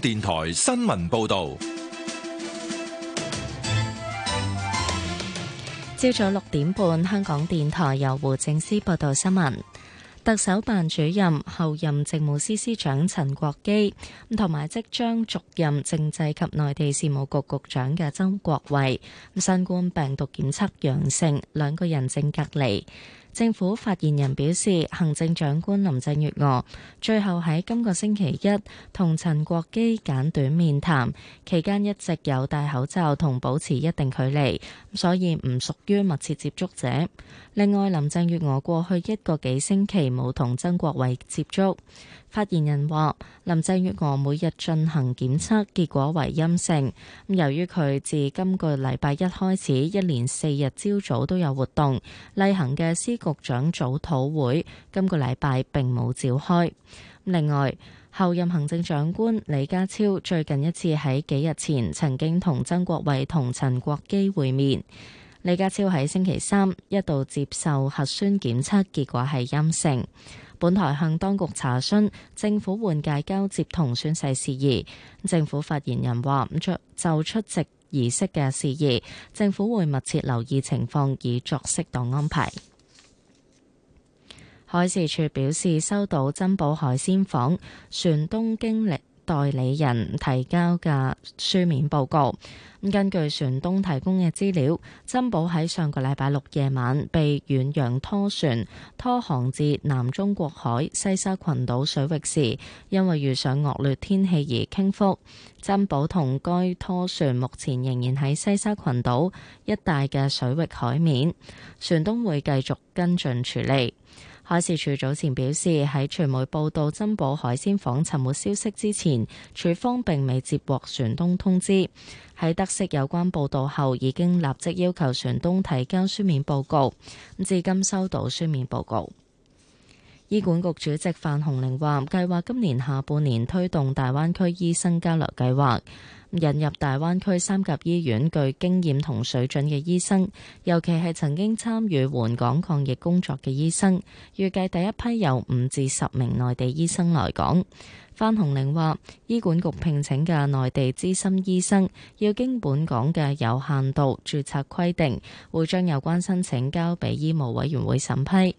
電台新聞報道，朝早六點半，香港電台由胡正思報道新聞。特首辦主任、候任政務司司長陳國基，同埋即將續任政制及內地事務局局長嘅曾國衛，新冠病毒檢測陽性，兩個人正隔離。政府發言人表示，行政長官林鄭月娥最後喺今個星期一同陳國基簡短面談，期間一直有戴口罩同保持一定距離，所以唔屬於密切接觸者。另外，林鄭月娥過去一個幾星期冇同曾國衞接觸。發言人話，林鄭月娥每日進行檢測，結果為陰性。由於佢自今個禮拜一開始一連四日朝早都有活動，例行嘅司局長早討會今個禮拜並冇召開。另外，候任行政長官李家超最近一次喺幾日前曾經同曾國衛同陳國基會面。李家超喺星期三一度接受核酸檢測，結果係陰性。本台向當局查詢政府換屆交接同宣誓事宜，政府發言人話：咁就出席儀式嘅事宜，政府會密切留意情況，以作適當安排。海事處表示收到珍寶海鮮舫船東經歷代理人提交嘅書面報告。咁根據船東提供嘅資料，珍寶喺上個禮拜六夜晚被遠洋拖船拖航至南中國海西沙群島水域時，因為遇上惡劣天氣而傾覆。珍寶同該拖船目前仍然喺西沙群島一帶嘅水域海面，船東會繼續跟進處理。海事處早前表示，喺傳媒報道珍寶海鮮舫沉沒消息之前，處方並未接獲船東通知。喺得悉有關報道後，已經立即要求船東提交書面報告。至今收到書面報告。醫管局主席范鴻齡話，計劃今年下半年推動大灣區醫生交流計劃。引入大灣區三甲醫院具經驗同水準嘅醫生，尤其係曾經參與援港抗疫工作嘅醫生。預計第一批有五至十名內地醫生來港。范鴻齡話，醫管局聘請嘅內地資深醫生要經本港嘅有限度註冊規定，會將有關申請交俾醫務委員會審批。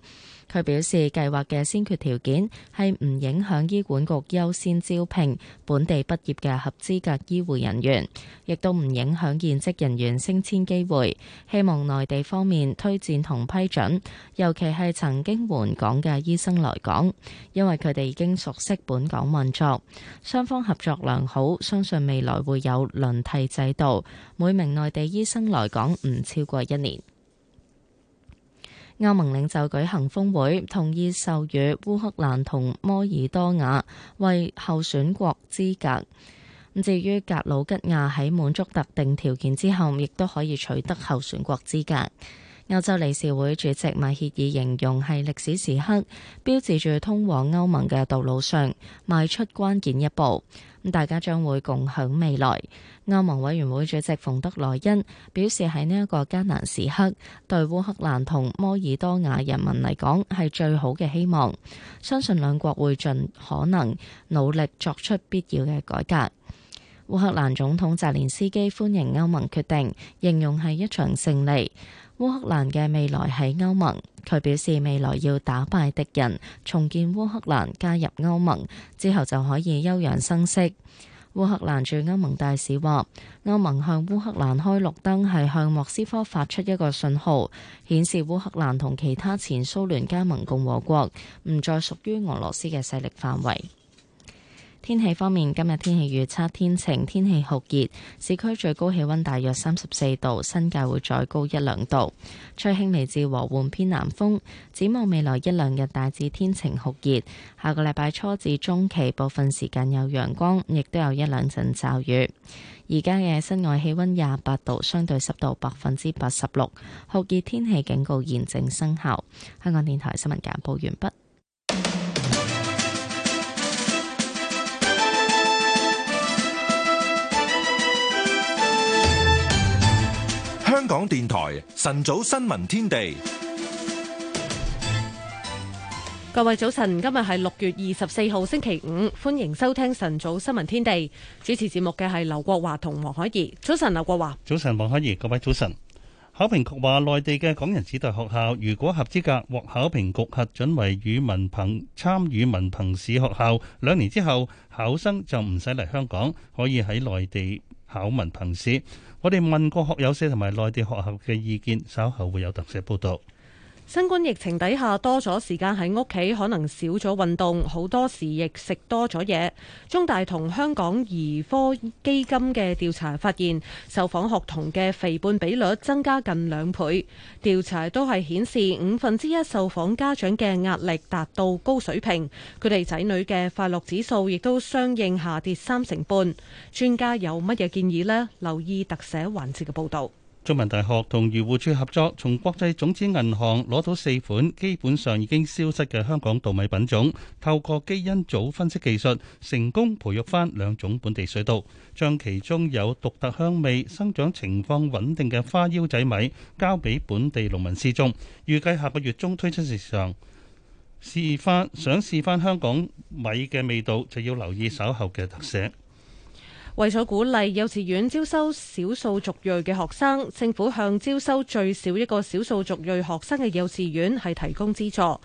佢表示，計劃嘅先決條件係唔影響醫管局優先招聘本地畢業嘅合資格醫護人員，亦都唔影響現職人員升遷機會，希望內地方面推薦同批准，尤其係曾經援港嘅醫生來港，因為佢哋已經熟悉本港運作，雙方合作良好，相信未來會有輪替制度，每名內地醫生來港唔超過一年。歐盟領袖舉行峰會，同意授予烏克蘭同摩爾多瓦為候選國資格。至於格魯吉亞喺滿足特定條件之後，亦都可以取得候選國資格。歐洲理事會主席米歇爾形容係歷史時刻，標誌住通往歐盟嘅道路上邁出關鍵一步。大家將會共享未來。歐盟委員會主席馮德萊恩表示，喺呢一個艱難時刻，對烏克蘭同摩爾多瓦人民嚟講係最好嘅希望，相信兩國會盡可能努力作出必要嘅改革。烏克蘭總統澤連斯基歡迎歐盟決定，形容係一場勝利。烏克蘭嘅未來喺歐盟，佢表示未來要打敗敵人，重建烏克蘭，加入歐盟之後就可以休養生息。烏克蘭駐歐盟大使話，歐盟向烏克蘭開綠燈，係向莫斯科發出一個信號，顯示烏克蘭同其他前蘇聯加盟共和國唔再屬於俄羅斯嘅勢力範圍。天氣方面，今日天氣預測天晴，天氣酷熱，市區最高氣溫大約三十四度，新界會再高一兩度。吹輕微至和緩偏南風，展望未來一兩日大致天晴酷熱，下個禮拜初至中期部分時間有陽光，亦都有一兩陣驟雨。而家嘅室外氣溫廿八度，相對濕度百分之八十六，酷熱天氣警告現正生效。香港電台新聞簡報完畢。港電台晨早新聞天地，各位早晨，今日係六月二十四號星期五，歡迎收聽晨早新聞天地。主持節目嘅係劉國華同黃海怡。早晨，劉國華。早晨，黃海怡。各位早晨。考評局話，內地嘅港人子弟學校如果合資格，獲考評局核准為語文憑參與文憑試學校，兩年之後考生就唔使嚟香港，可以喺內地考文憑試。我哋問過學友社同埋內地學校嘅意見，稍後會有特寫報導。新冠疫情底下多咗時間喺屋企，可能少咗運動，好多時亦食多咗嘢。中大同香港兒科基金嘅調查發現，受訪學童嘅肥胖比率增加近兩倍。調查都係顯示五分之一受訪家長嘅壓力達到高水平，佢哋仔女嘅快樂指數亦都相應下跌三成半。專家有乜嘢建議咧？留意特寫環節嘅報道。中文大學同漁護署合作，從國際種子銀行攞到四款基本上已經消失嘅香港稻米品種，透過基因組分析技術，成功培育翻兩種本地水稻，將其中有獨特香味、生長情況穩定嘅花腰仔米交俾本地農民試種，預計下個月中推出市場。試翻想試翻香港米嘅味道，就要留意稍後嘅特寫。為咗鼓勵幼稚園招收少數族裔嘅學生，政府向招收最少一個少數族裔學生嘅幼稚園係提供資助。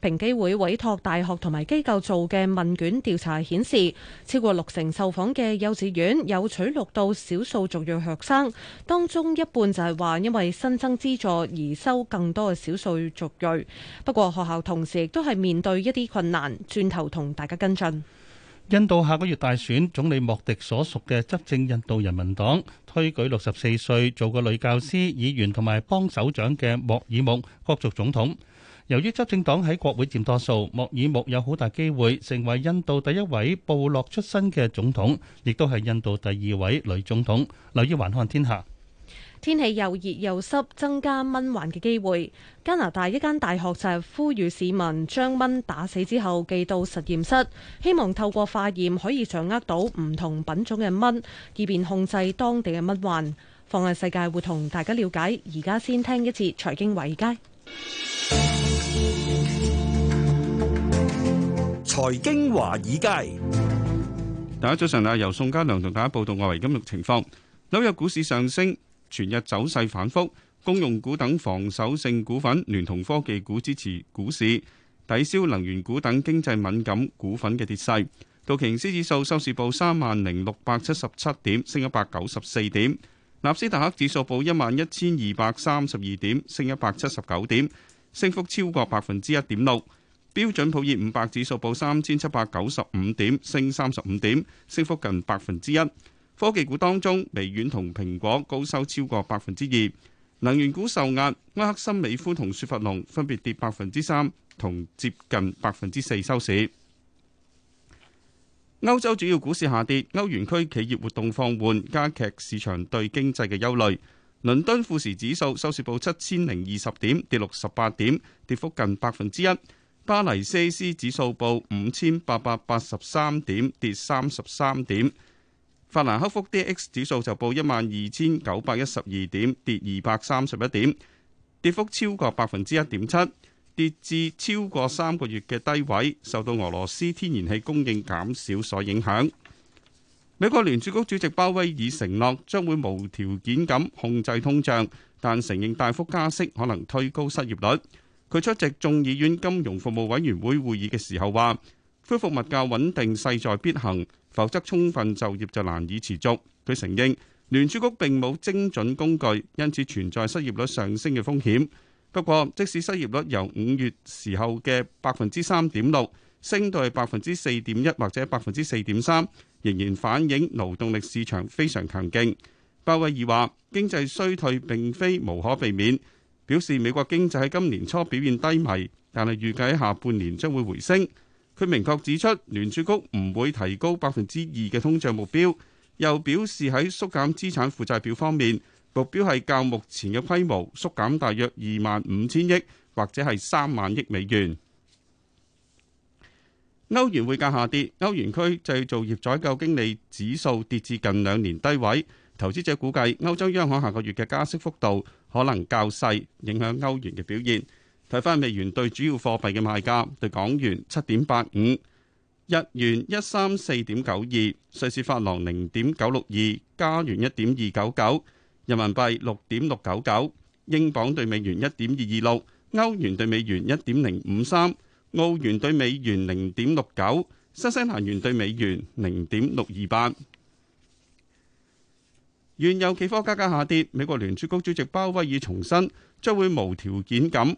平機會委託大學同埋機構做嘅問卷調查顯示，超過六成受訪嘅幼稚園有取錄到少數族裔學生，當中一半就係話因為新增資助而收更多嘅少數族裔。不過學校同時亦都係面對一啲困難，轉頭同大家跟進。印度下個月大選，總理莫迪所屬嘅執政印度人民黨推舉六十四歲、做過女教師、議員同埋幫手長嘅莫爾木角逐總統。由於執政黨喺國會佔多數，莫爾木有好大機會成為印度第一位部落出身嘅總統，亦都係印度第二位女總統。留意環看天下。天氣又熱又濕，增加蚊患嘅機會。加拿大一間大學就係呼籲市民將蚊打死之後寄到實驗室，希望透過化驗可以掌握到唔同品種嘅蚊，以便控制當地嘅蚊患。放眼世界，會同大家了解。而家先聽一次財經華爾街。財經華爾街，大家早上啊，由宋家良同大家報道外圍金融情況。紐約股市上升。全日走勢反覆，公用股等防守性股份聯同科技股支持股市，抵消能源股等經濟敏感股份嘅跌勢。道瓊斯指數收市報三萬零六百七十七點，升一百九十四點；納斯達克指數報一萬一千二百三十二點，升一百七十九點，升幅超過百分之一點六。標準普爾五百指數報三千七百九十五點，升三十五點，升幅近百分之一。科技股當中，微軟同蘋果高收超過百分之二，能源股受壓，埃克森美孚同雪佛龍分別跌百分之三同接近百分之四收市。歐洲主要股市下跌，歐元區企業活動放緩，加劇市場對經濟嘅憂慮。倫敦富時指數收市報七千零二十點，跌六十八點，跌幅近百分之一。巴黎 CAC 指數報五千八百八十三點，跌三十三點。法蘭克福 DAX 指數就報一萬二千九百一十二點，跌二百三十一點，跌幅超過百分之一點七，跌至超過三個月嘅低位，受到俄羅斯天然氣供應減少所影響。美國聯儲局主席鮑威爾承諾將會無條件咁控制通脹，但承認大幅加息可能推高失業率。佢出席眾議院金融服務委員會會議嘅時候話，恢復物價穩定勢在必行。否則，充分就業就難以持續。佢承認聯儲局並冇精準工具，因此存在失業率上升嘅風險。不過，即使失業率由五月時候嘅百分之三點六升到係百分之四點一或者百分之四點三，仍然反映勞動力市場非常強勁。鮑威爾話：經濟衰退並非無可避免，表示美國經濟喺今年初表現低迷，但係預計下半年將會回升。佢明確指出，聯儲局唔會提高百分之二嘅通脹目標，又表示喺縮減資產負債表方面，目標係較目前嘅規模縮減大約二萬五千億，或者係三萬億美元。歐元匯價下跌，歐元區製造業採購經理指數跌至近兩年低位。投資者估計，歐洲央行下個月嘅加息幅度可能較細，影響歐元嘅表現。睇翻美元對主要貨幣嘅賣價，對港元七點八五，日元一三四點九二，瑞士法郎零點九六二，加元一點二九九，人民幣六點六九九，英鎊對美元一點二二六，歐元對美元一點零五三，澳元對美元零點六九，新西蘭元對美元零點六二八。原油期貨價格下跌，美國聯儲局主席鮑威爾重申將會無條件噉。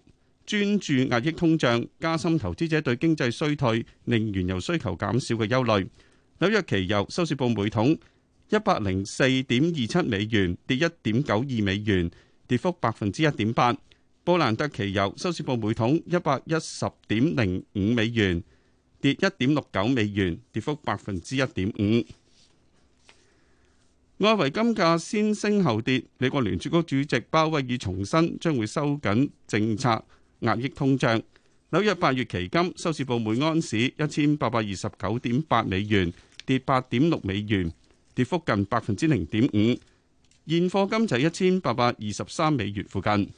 專注壓抑通脹，加深投資者對經濟衰退、令原油需求減少嘅憂慮。紐約期油收市報每桶一百零四點二七美元，跌一點九二美元，跌幅百分之一點八。布蘭特期油收市報每桶一百一十點零五美元，跌一點六九美元，跌幅百分之一點五。外圍金價先升後跌。美國聯儲局主席鮑威爾重申將會收緊政策。壓抑通脹，紐約八月期金收市報每安士一千八百二十九點八美元，跌八點六美元，跌幅近百分之零點五。現貨金就一千八百二十三美元附近。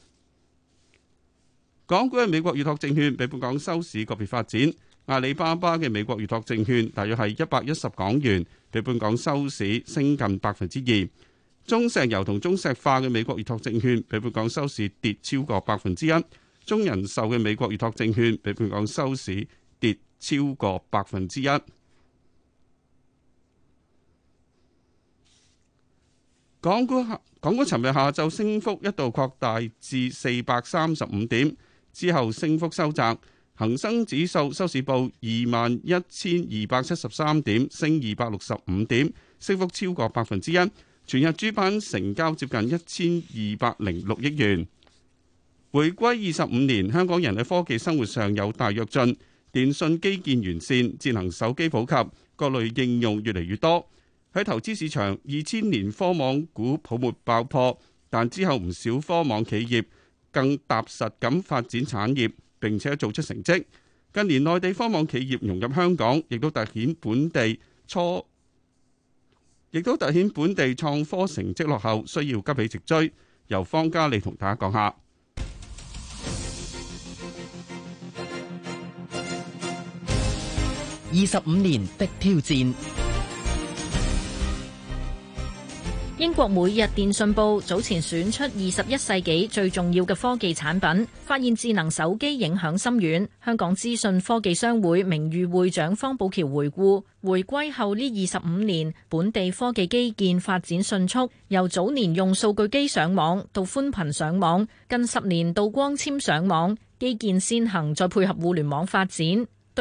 港股嘅美國預託證券比本港收市個別發展，阿里巴巴嘅美國預託證券大約係一百一十港元，比本港收市升近百分之二。中石油同中石化嘅美國預託證券比本港收市跌超過百分之一。中人壽嘅美國預託證券比港收市跌超過百分之一。港股，港股尋日下晝升幅一度擴大至四百三十五點，之後升幅收窄。恒生指數收市報二萬一千二百七十三點，升二百六十五點，升幅超過百分之一。全日主板成交接近一千二百零六億元。回歸二十五年，香港人喺科技生活上有大躍進，電信基建完善，智能手機普及，各類應用越嚟越多。喺投資市場，二千年科網股泡沫爆破，但之後唔少科網企業更踏實咁發展產業，並且做出成績。近年內地科網企業融入香港，亦都凸顯本地初，亦都凸顯本地創科成績落後，需要急起直追。由方家利同大家講下。二十五年的挑戰。英國每日電訊報早前選出二十一世紀最重要嘅科技產品，發現智能手機影響深遠。香港資訊科技商會名譽會長方寶橋回顧，回歸後呢二十五年，本地科技基建發展迅速，由早年用數據機上網到寬頻上網，近十年到光纖上網，基建先行再配合互聯網發展。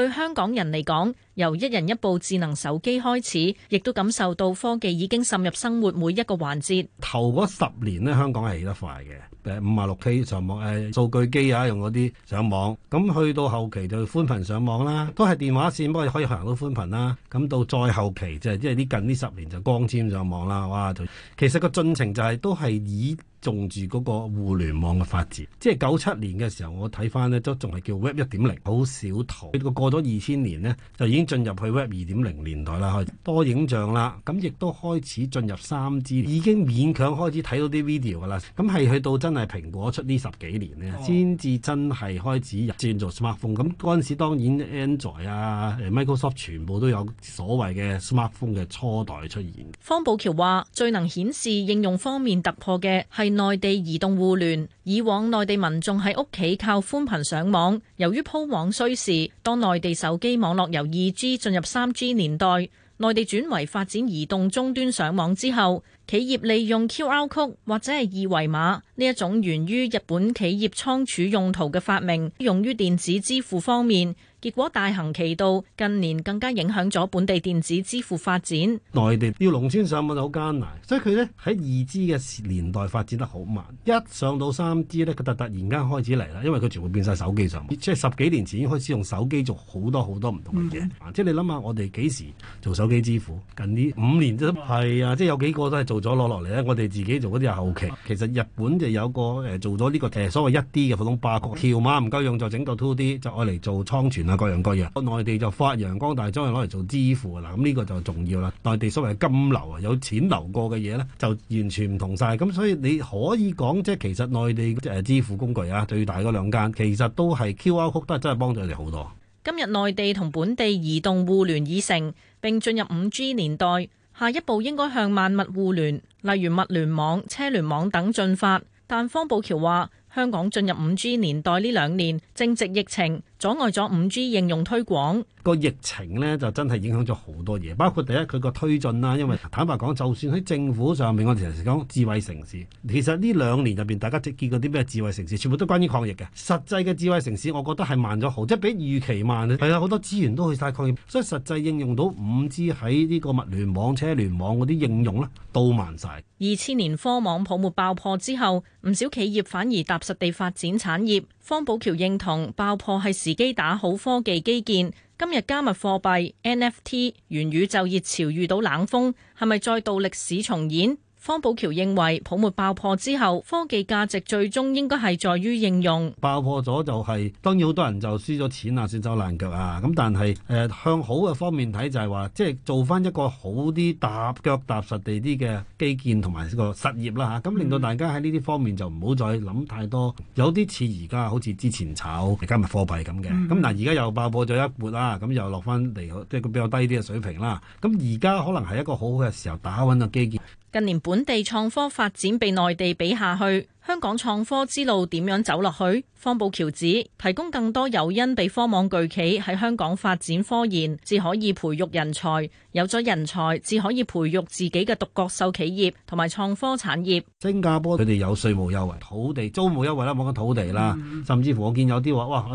對香港人嚟講，由一人一部智能手機開始，亦都感受到科技已經滲入生活每一個環節。頭嗰十年呢，香港係起得快嘅，誒五啊六 K 上網，誒、呃、數據機啊用嗰啲上網，咁去到後期就寬頻上網啦，都係電話線不過可以行到寬頻啦。咁到再後期就即係呢近呢十年就光纖上網啦。哇，就其實個進程就係、是、都係以。重住嗰個互聯網嘅發展，即係九七年嘅時候，我睇翻呢都仲係叫 Web 一點零，好少圖。不過過咗二千年呢，就已經進入去 Web 二點零年代啦，開多影像啦，咁亦都開始進入三 G，已經勉強開始睇到啲 video 噶啦。咁係去到真係蘋果出呢十幾年呢，先至、哦、真係開始入轉做 smartphone。咁嗰陣時當然 Android 啊，Microsoft 全部都有所謂嘅 smartphone 嘅初代出現。方寶橋話：最能顯示應用方面突破嘅係。內地移動互聯，以往內地民眾喺屋企靠寬頻上網，由於鋪網需時。當內地手機網絡由二 G 進入三 G 年代，內地轉為發展移動終端上網之後，企業利用 QR Code 或者係二維碼呢一種源於日本企業倉儲用途嘅發明，用於電子支付方面。結果大行其道，近年更加影響咗本地電子支付發展。內地要農村上網就好艱難，所以佢咧喺二 G 嘅年代發展得好慢。一上到三 G 咧，佢就突然間開始嚟啦，因為佢全部變晒手機上網。即係十幾年前已經開始用手機做好多好多唔同嘅嘢，嗯啊。即係你諗下，我哋幾時做手機支付？近呢五年都係啊！即係有幾個都係做咗攞落嚟咧。我哋自己做嗰啲係後期。其實日本就有個誒做咗呢個，其實所謂一 D 嘅普通八角條碼唔夠用，就整到 Two D，就愛嚟做倉存。各樣各樣內地就發揚光大，但係將攞嚟做支付嗱，咁呢個就重要啦。內地所謂金流啊，有錢流過嘅嘢呢，就完全唔同晒。咁，所以你可以講，即係其實內地誒支付工具啊，最大嗰兩間其實都係 Q R code 都係真係幫助佢哋好多。今日內地同本地移動互聯已成並進入五 G 年代，下一步應該向萬物互聯，例如物聯網、車聯網等進發。但方保僑話：香港進入五 G 年代呢兩年正值疫情。阻礙咗五 G 應用推廣個疫情咧，就真係影響咗好多嘢，包括第一佢個推進啦。因為坦白講，就算喺政府上面，我哋成日講智慧城市，其實呢兩年入邊，大家見過啲咩智慧城市？全部都關於抗疫嘅。實際嘅智慧城市，我覺得係慢咗好，即係比預期慢。係啊，好多資源都去晒抗疫，所以實際應用到五 G 喺呢個物聯網、車聯網嗰啲應用咧，都慢晒。二千年科網泡沫爆破之後，唔少企業反而踏實地發展產業。方寶橋認同爆破係時機打好科技基建。今日加密貨幣 NFT 元宇宙熱潮遇到冷風，係咪再度歷史重演？方寶橋認為泡沫爆破之後，科技價值最終應該係在於應用。爆破咗就係，是，當然好多人就輸咗錢啊，算走爛腳啊。咁但係誒，呃、向好嘅方面睇就係話，即係做翻一個好啲踏腳踏實地啲嘅基建同埋呢個實業啦嚇。咁，啊、令到大家喺呢啲方面就唔好再諗太多，有啲似而家好似之前炒加密貨幣咁嘅。咁嗱，而，啊、家又爆破咗一波啦，咁，啊、又落翻嚟即係個比較低啲嘅水平啦。咁而家可能係一個好嘅時候打穩個基建。近年本地創科發展被內地比下去。香港創科之路點樣走落去？方保僑指提供更多誘因俾科網巨企喺香港發展科研，至可以培育人才。有咗人才，至可以培育自己嘅獨角獸企業同埋創科產業。新加坡佢哋有稅務優惠、土地租務優惠啦，冇乜土地啦。甚至乎我見有啲話，哇，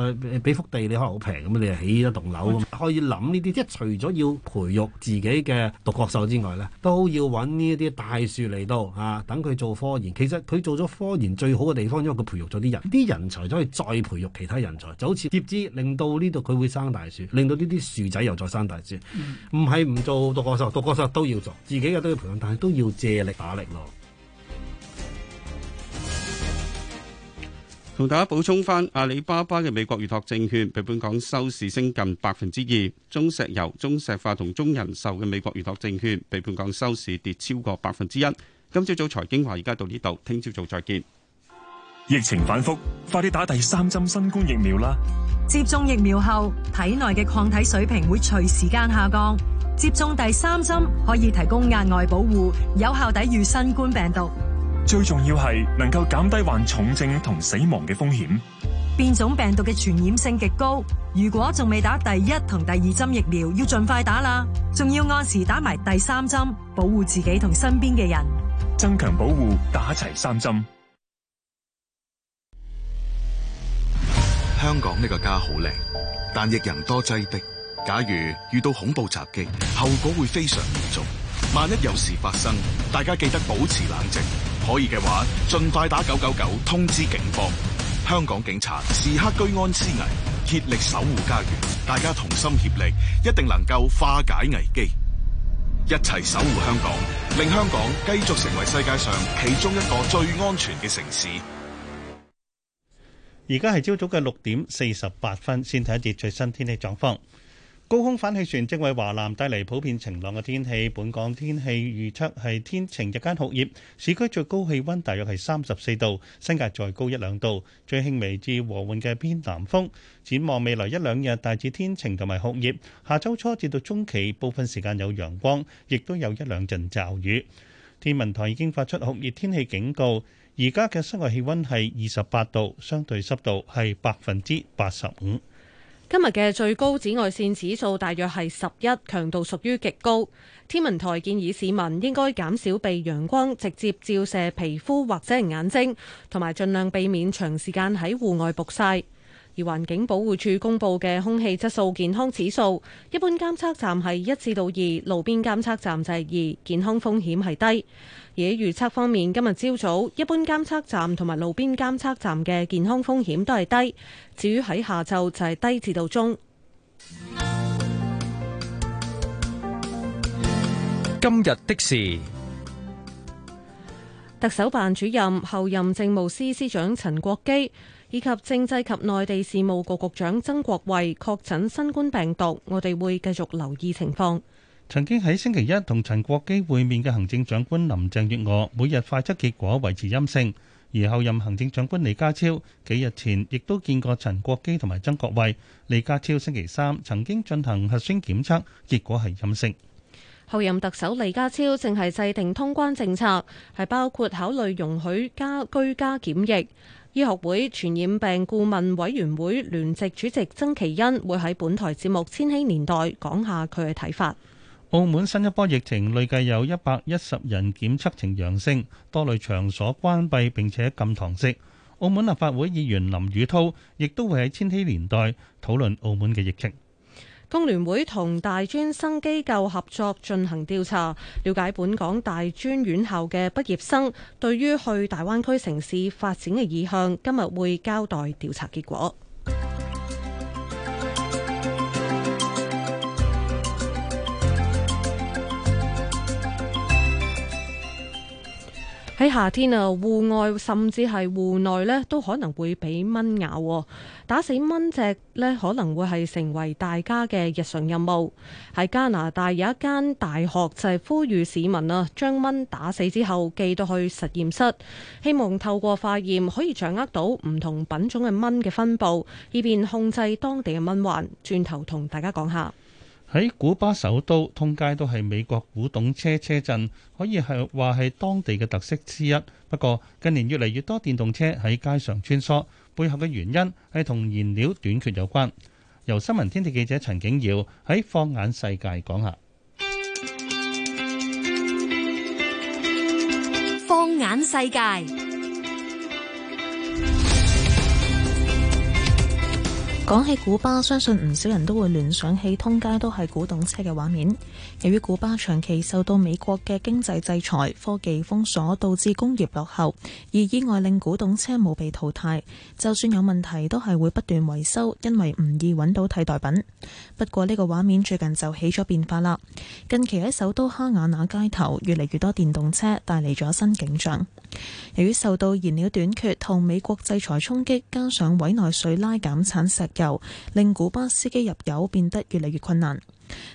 俾幅地你可能好平咁你起一棟樓咁。可以諗呢啲，即係除咗要培育自己嘅獨角獸之外咧，都要揾呢一啲大樹嚟到啊，等佢做科研。其實佢做咗科研。最好嘅地方，因為佢培育咗啲人，啲人才可以再培育其他人才，就好似接枝，令到呢度佢會生大樹，令到呢啲樹仔又再生大樹。唔係唔做獨角獸，獨角獸都要做，自己嘅都要培養，但係都要借力打力咯。同大家補充翻，阿里巴巴嘅美國預託證券比本港收市升近百分之二，中石油、中石化同中人壽嘅美國預託證券比本港收市跌超過百分之一。今朝早財經話而家到呢度，聽朝早再見。疫情反覆，快啲打第三針新冠疫苗啦！接種疫苗後，體內嘅抗體水平會隨時間下降，接種第三針可以提供額外保護，有效抵御新冠病毒。最重要係能夠減低患重症同死亡嘅風險。變種病毒嘅傳染性極高，如果仲未打第一同第二針疫苗，要盡快打啦，仲要按時打埋第三針，保護自己同身邊嘅人，增強保護，打齊三針。香港呢個家好靚，但亦人多擠迫，假如遇到恐怖襲擊，後果會非常嚴重。萬一有事發生，大家記得保持冷靜，可以嘅話，盡快打九九九通知警方。香港警察時刻居安思危，竭力守護家園。大家同心協力，一定能夠化解危機，一齊守護香港，令香港繼續成為世界上其中一個最安全嘅城市。而家係朝早嘅六點四十八分，先睇一啲最新天氣狀況。高空反氣旋正為華南帶嚟普遍晴朗嘅天氣，本港天氣預測係天晴，日間酷熱，市區最高氣温大約係三十四度，新界再高一兩度，最輕微至和緩嘅偏南風。展望未來一兩日大致天晴同埋酷熱，下周初至到中期部分時間有陽光，亦都有一兩陣驟雨。天文台已經發出酷熱天氣警告，而家嘅室外氣温係二十八度，相對濕度係百分之八十五。今日嘅最高紫外線指數大約係十一，強度屬於極高。天文台建議市民應該減少被陽光直接照射皮膚或者係眼睛，同埋盡量避免長時間喺戶外曝曬。而環境保護署公布嘅空氣質素健康指數，一般監測站係一至到二，路邊監測站就係二，健康風險係低。而喺預測方面，今日朝早一般監測站同埋路邊監測站嘅健康風險都係低，至於喺下晝就係低至到中。今日的事，特首辦主任、候任政務司司長陳國基，以及政制及內地事務局局長曾國衛確診新冠病毒，我哋會繼續留意情況。曾經喺星期一同陳國基會面嘅行政長官林鄭月娥，每日快測結果維持陰性；而後任行政長官李家超幾日前亦都見過陳國基同埋曾國衛。李家超星期三曾經進行核酸檢測，結果係陰性。後任特首李家超正係制定通關政策，係包括考慮容許家居家檢疫。醫學會傳染病顧問委員會聯席主席曾祈殷會喺本台節目《千禧年代》講下佢嘅睇法。澳門新一波疫情累計有一百一十人檢測呈陽性，多類場所關閉並且禁堂食。澳門立法會議員林宇滔亦都會喺《千禧年代》討論澳門嘅疫情。工聯會同大專生機構合作進行調查，了解本港大專院校嘅畢業生對於去大灣區城市發展嘅意向。今日會交代調查結果。喺夏天啊，戶外甚至係戶內呢都可能會俾蚊咬，打死蚊隻呢可能會係成為大家嘅日常任務。喺加拿大有一間大學就係呼籲市民啊，將蚊打死之後寄到去實驗室，希望透過化驗可以掌握到唔同品種嘅蚊嘅分布，以便控制當地嘅蚊患。轉頭同大家講下。喺古巴首都，通街都係美國古董車車陣，可以係話係當地嘅特色之一。不過近年越嚟越多電動車喺街上穿梭，背後嘅原因係同燃料短缺有關，由新聞天地記者陳景耀喺《放眼世界》講下。放眼世界。講起古巴，相信唔少人都會聯想起通街都係古董車嘅畫面。由於古巴長期受到美國嘅經濟制裁、科技封鎖，導致工業落後，而意外令古董車冇被淘汰。就算有問題，都係會不斷維修，因為唔易揾到替代品。不過呢個畫面最近就起咗變化啦。近期喺首都哈瓦那街頭，越嚟越多電動車帶嚟咗新景象。由於受到燃料短缺同美國制裁衝擊，加上委內瑞拉減產石油，令古巴司機入油變得越嚟越困難。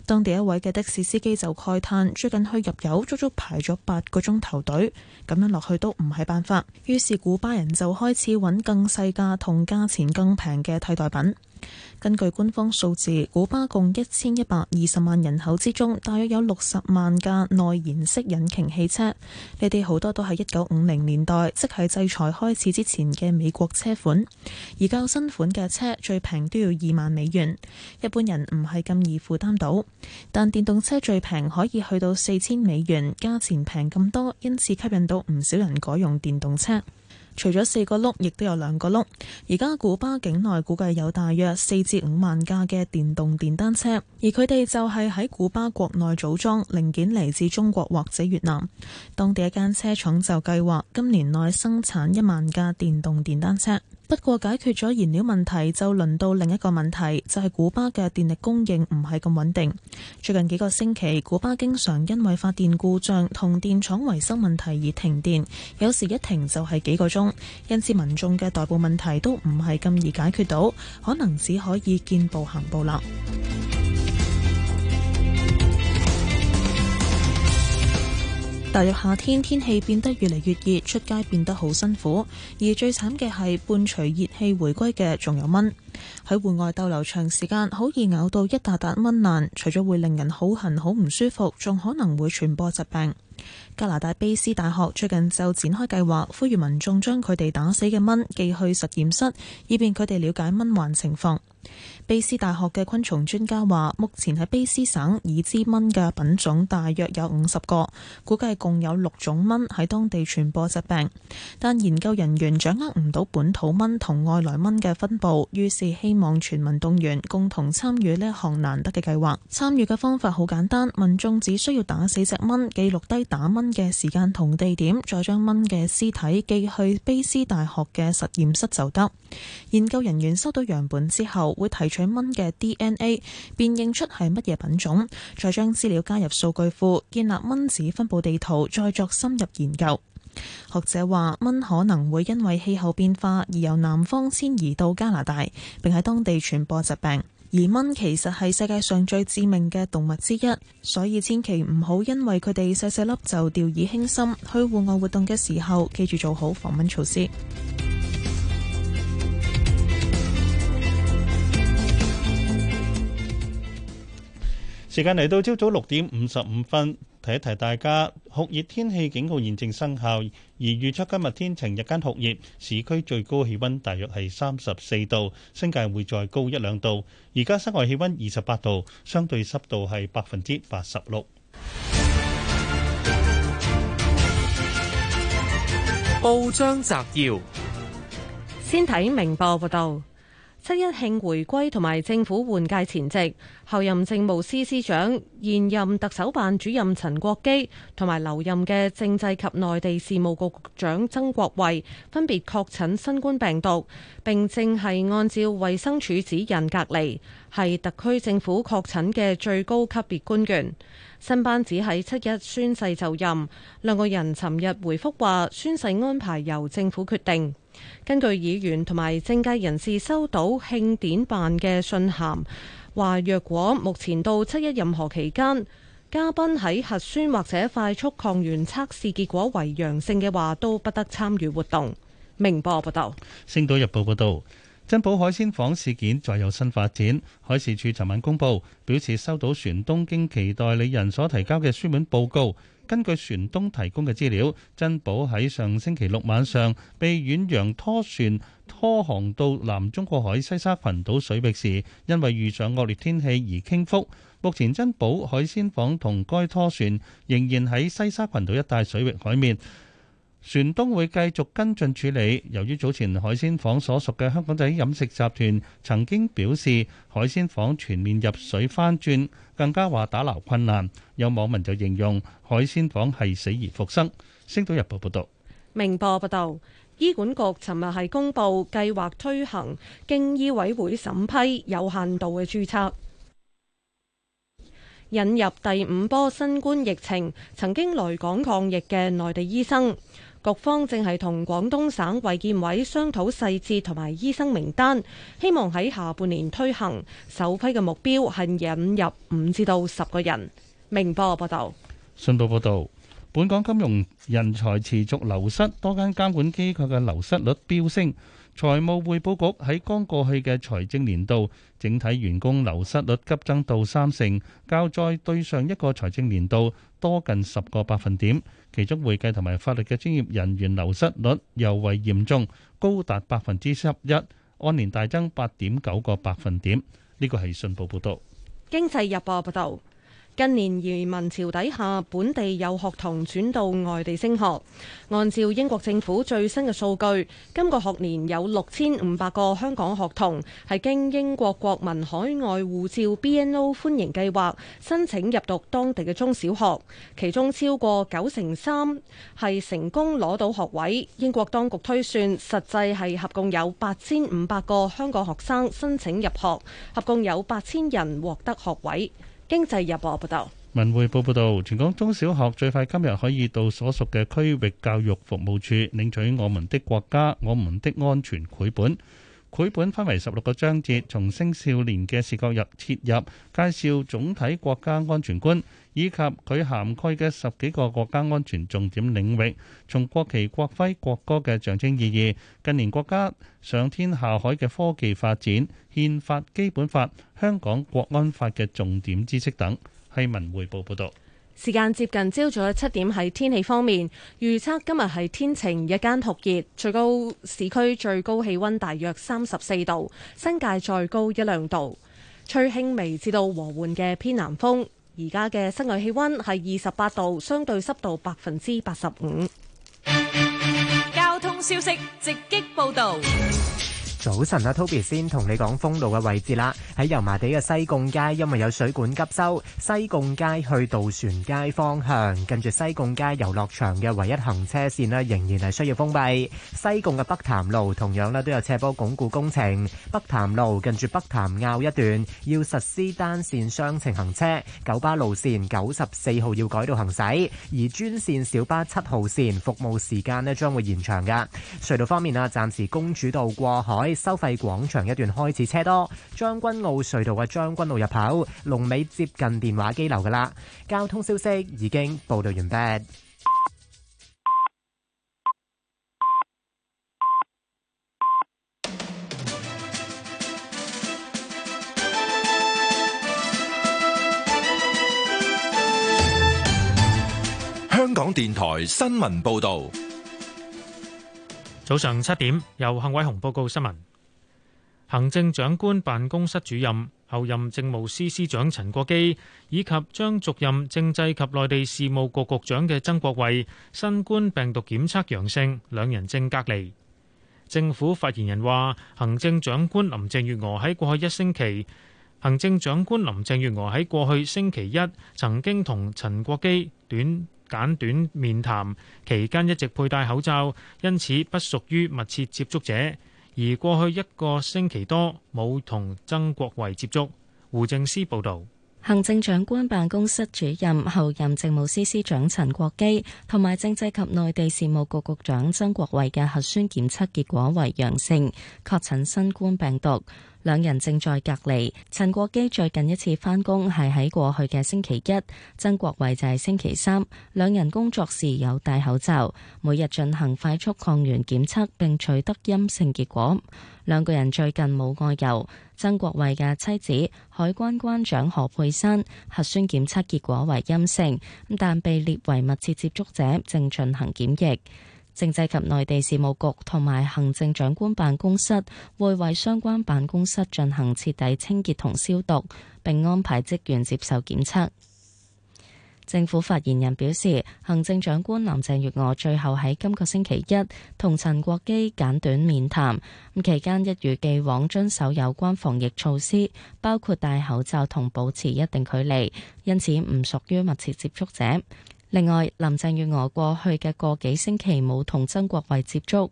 當地一位嘅的，的士司機就慨嘆：最近去入油，足足排咗八個鐘頭隊，咁樣落去都唔係辦法。於是古巴人就開始揾更細價同價錢更平嘅替代品。根據官方數字，古巴共一千一百二十萬人口之中，大約有六十萬架內燃式引擎汽車，呢啲好多都係一九五零年代，即係制裁開始之前嘅美國車款。而較新款嘅車最平都要二萬美元，一般人唔係咁易負擔到。但電動車最平可以去到四千美元，價錢平咁多，因此吸引到唔少人改用電動車。除咗四個轆，亦都有兩個轆。而家古巴境內估計有大約四至五萬架嘅電動電單車，而佢哋就係喺古巴國內組裝，零件嚟自中國或者越南。當地一間車廠就計劃今年內生產一萬架電動電單車。不過解決咗燃料問題，就輪到另一個問題，就係古巴嘅電力供應唔係咁穩定。最近幾個星期，古巴經常因為發電故障同電廠維修問題而停電，有時一停就係幾個鐘，因此民眾嘅代步問題都唔係咁易解決到，可能只可以見步行步啦。踏入夏天，天氣變得越嚟越熱，出街變得好辛苦。而最慘嘅係伴隨熱氣回歸嘅，仲有蚊，喺戶外逗留長時間，好易咬到一笪笪蚊難。除咗會令人好痕好唔舒服，仲可能會傳播疾病。加拿大卑斯大學最近就展開計劃，呼籲民眾將佢哋打死嘅蚊寄去實驗室，以便佢哋了解蚊患情況。卑斯大學嘅昆蟲專家話：目前喺卑斯省已知蚊嘅品種大約有五十個，估計共有六種蚊喺當地傳播疾病。但研究人員掌握唔到本土蚊同外來蚊嘅分佈，於是希望全民動員共同參與呢一項難得嘅計劃。參與嘅方法好簡單，民眾只需要打死隻蚊，記錄低打蚊嘅時間同地點，再將蚊嘅屍體寄去卑斯大學嘅實驗室就得。研究人員收到樣本之後會提出蚊嘅 DNA 辨認出係乜嘢品種，再將資料加入數據庫，建立蚊子分布地圖，再作深入研究。學者話蚊可能會因為氣候變化而由南方遷移到加拿大，並喺當地傳播疾病。而蚊其實係世界上最致命嘅動物之一，所以千祈唔好因為佢哋細細粒就掉以輕心。去戶外活動嘅時候，記住做好防蚊措施。時間嚟到朝早六點五十五分，提一提大家，酷熱天氣警告，現正生效，而預測今日天晴，日間酷熱，市區最高氣溫大約係三十四度，新界會再高一兩度。而家室外氣溫二十八度，相對濕度係百分之八十六。報章摘要，先睇明報報道。七一慶回歸同埋政府換屆前夕，候任政務司司長、現任特首辦主任陳國基同埋留任嘅政制及內地事務局局長曾國衛分別確診新冠病毒，並正係按照衛生署指引隔離，係特區政府確診嘅最高級別官員。新班子喺七一宣誓就任，兩個人尋日回覆話，宣誓安排由政府決定。根據議員同埋政界人士收到慶典辦嘅信函，話若果目前到七一任何期間，嘉賓喺核酸或者快速抗原測試結果為陽性嘅話，都不得參與活動。明報報道。《星島日報》報道，珍寶海鮮舫事件再有新發展。海事處尋晚公佈，表示收到船東經其代理人所提交嘅書面報告。根據船東提供嘅資料，珍寶喺上星期六晚上被遠洋拖船拖航到南中國海西沙群島水域時，因為遇上惡劣天氣而傾覆。目前珍寶海鮮舫同該拖船仍然喺西沙群島一帶水域海面。船東會繼續跟進處理。由於早前海鮮舫所屬嘅香港仔飲食集團曾經表示海鮮舫全面入水翻轉，更加話打撈困難。有網民就形容海鮮舫係死而復生。星島日報報道：「明報報道，醫管局尋日係公佈計劃推行經醫委會審批有限度嘅註冊，引入第五波新冠疫情曾經來港抗疫嘅內地醫生。局方正係同廣東省衛健委商討細節同埋醫生名單，希望喺下半年推行。首批嘅目標係引入五至到十個人。明波報道，信報報道，本港金融人才持續流失，多間監管機構嘅流失率飆升。財務匯報局喺剛過去嘅財政年度，整體員工流失率急增到三成，較在對上一個財政年度多近十個百分點。其中，會計同埋法律嘅專業人員流失率尤為嚴重，高達百分之十一，按年大增八點九個百分點。呢個係信報報導，經濟日報報導。近年移民潮底下，本地有學童轉到外地升學。按照英國政府最新嘅數據，今個學年有六千五百個香港學童係經英國國民海外護照 （BNO） 歡迎計劃申請入讀當地嘅中小學，其中超過九成三係成功攞到學位。英國當局推算，實際係合共有八千五百個香港學生申請入學，合共有八千人獲得學位。經濟日報報道，文匯報報道，全港中小學最快今日可以到所屬嘅區域教育服務處領取「我們的國家，我們的安全」繪本。繪本分為十六個章節，從青少年嘅視覺入切入，介紹總體國家安全觀以及佢涵蓋嘅十幾個國家安全重點領域，從國旗、國徽、國歌嘅象徵意義，近年國家上天下海嘅科技發展、憲法、基本法、香港國安法嘅重點知識等，係文匯報報道。時間接近朝早嘅七點，喺天氣方面，預測今日係天晴，日間酷熱，最高市區最高氣溫大約三十四度，新界再高一兩度，吹輕微至到和緩嘅偏南風。而家嘅室外氣溫係二十八度，相對濕度百分之八十五。交通消息直擊報道。早晨啊，Toby 先同你講封路嘅位置啦。喺油麻地嘅西貢街，因為有水管急修，西貢街去渡船街方向，近住西貢街遊樂場嘅唯一行車線咧，仍然係需要封閉。西貢嘅北潭路同樣咧都有斜坡鞏固工程，北潭路近住北潭坳一段要實施單線雙程行車。九巴路線九十四號要改道行駛，而專線小巴七號線服務時間咧將會延長嘅。隧道方面啊，暫時公主道過海。收費廣場一段開始車多，將軍澳隧道嘅將軍澳入口龍尾接近電話機樓㗎喇。交通消息已經報道完畢。香港電台新聞報道。早上七點，由幸偉雄報告新聞。行政長官辦公室主任、後任政務司司長陳國基以及將續任政制及內地事務局局長嘅曾國衛，新冠病毒檢測陽性，兩人正隔離。政府發言人話，行政長官林鄭月娥喺過去一星期，行政長官林鄭月娥喺過去星期一曾經同陳國基短。簡短面談，期間一直佩戴口罩，因此不屬於密切接觸者。而過去一個星期多冇同曾國衛接觸。胡正思報道。行政長官辦公室主任、候任政務司司長陳國基同埋政制及內地事務局局長曾國衛嘅核酸檢測結果為陽性，確診新冠病毒，兩人正在隔離。陳國基最近一次返工係喺過去嘅星期一，曾國衛就係星期三。兩人工作時有戴口罩，每日進行快速抗原檢測並取得陰性結果。兩個人最近冇外遊。曾國衛嘅妻子、海關關長何佩珊核酸檢測結果為陰性，但被列為密切接觸者，正進行檢疫。政制及內地事務局同埋行政長官辦公室會為相關辦公室進行徹底清潔同消毒，並安排職員接受檢測。政府發言人表示，行政長官林鄭月娥最後喺今個星期一同陳國基簡短面談，期間一如既往遵守有關防疫措施，包括戴口罩同保持一定距離，因此唔屬於密切接觸者。另外，林鄭月娥過去嘅個幾星期冇同曾國衛接觸。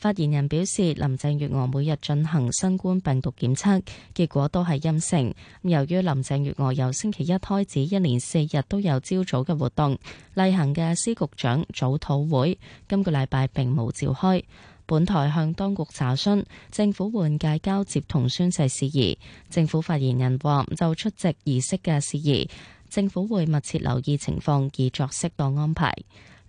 發言人表示，林鄭月娥每日進行新冠病毒檢測，結果都係陰性。由於林鄭月娥由星期一開始，一連四日都有朝早嘅活動，例行嘅司局長早討會今個禮拜並冇召開。本台向當局查詢政府換屆交接同宣誓事宜，政府發言人話就出席儀式嘅事宜，政府會密切留意情況以作適當安排。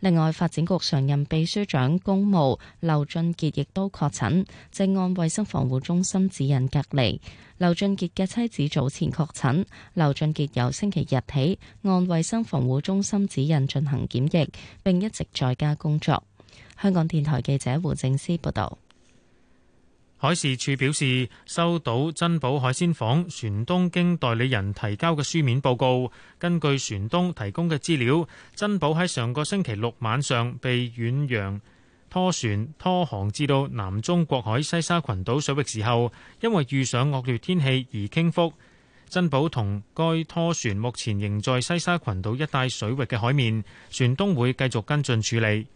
另外，發展局常任秘書長公務劉俊傑亦都確診，正按衛生防護中心指引隔離，劉俊傑嘅妻子早前確診，劉俊傑由星期日起按衛生防護中心指引進行檢疫，並一直在家工作。香港電台記者胡正思報道。海事處表示，收到珍寶海鮮舫船東經代理人提交嘅書面報告。根據船東提供嘅資料，珍寶喺上個星期六晚上被遠洋拖船拖航至到南中國海西沙群島水域時候，因為遇上惡劣天氣而傾覆。珍寶同該拖船目前仍在西沙群島一帶水域嘅海面，船東會繼續跟進處理。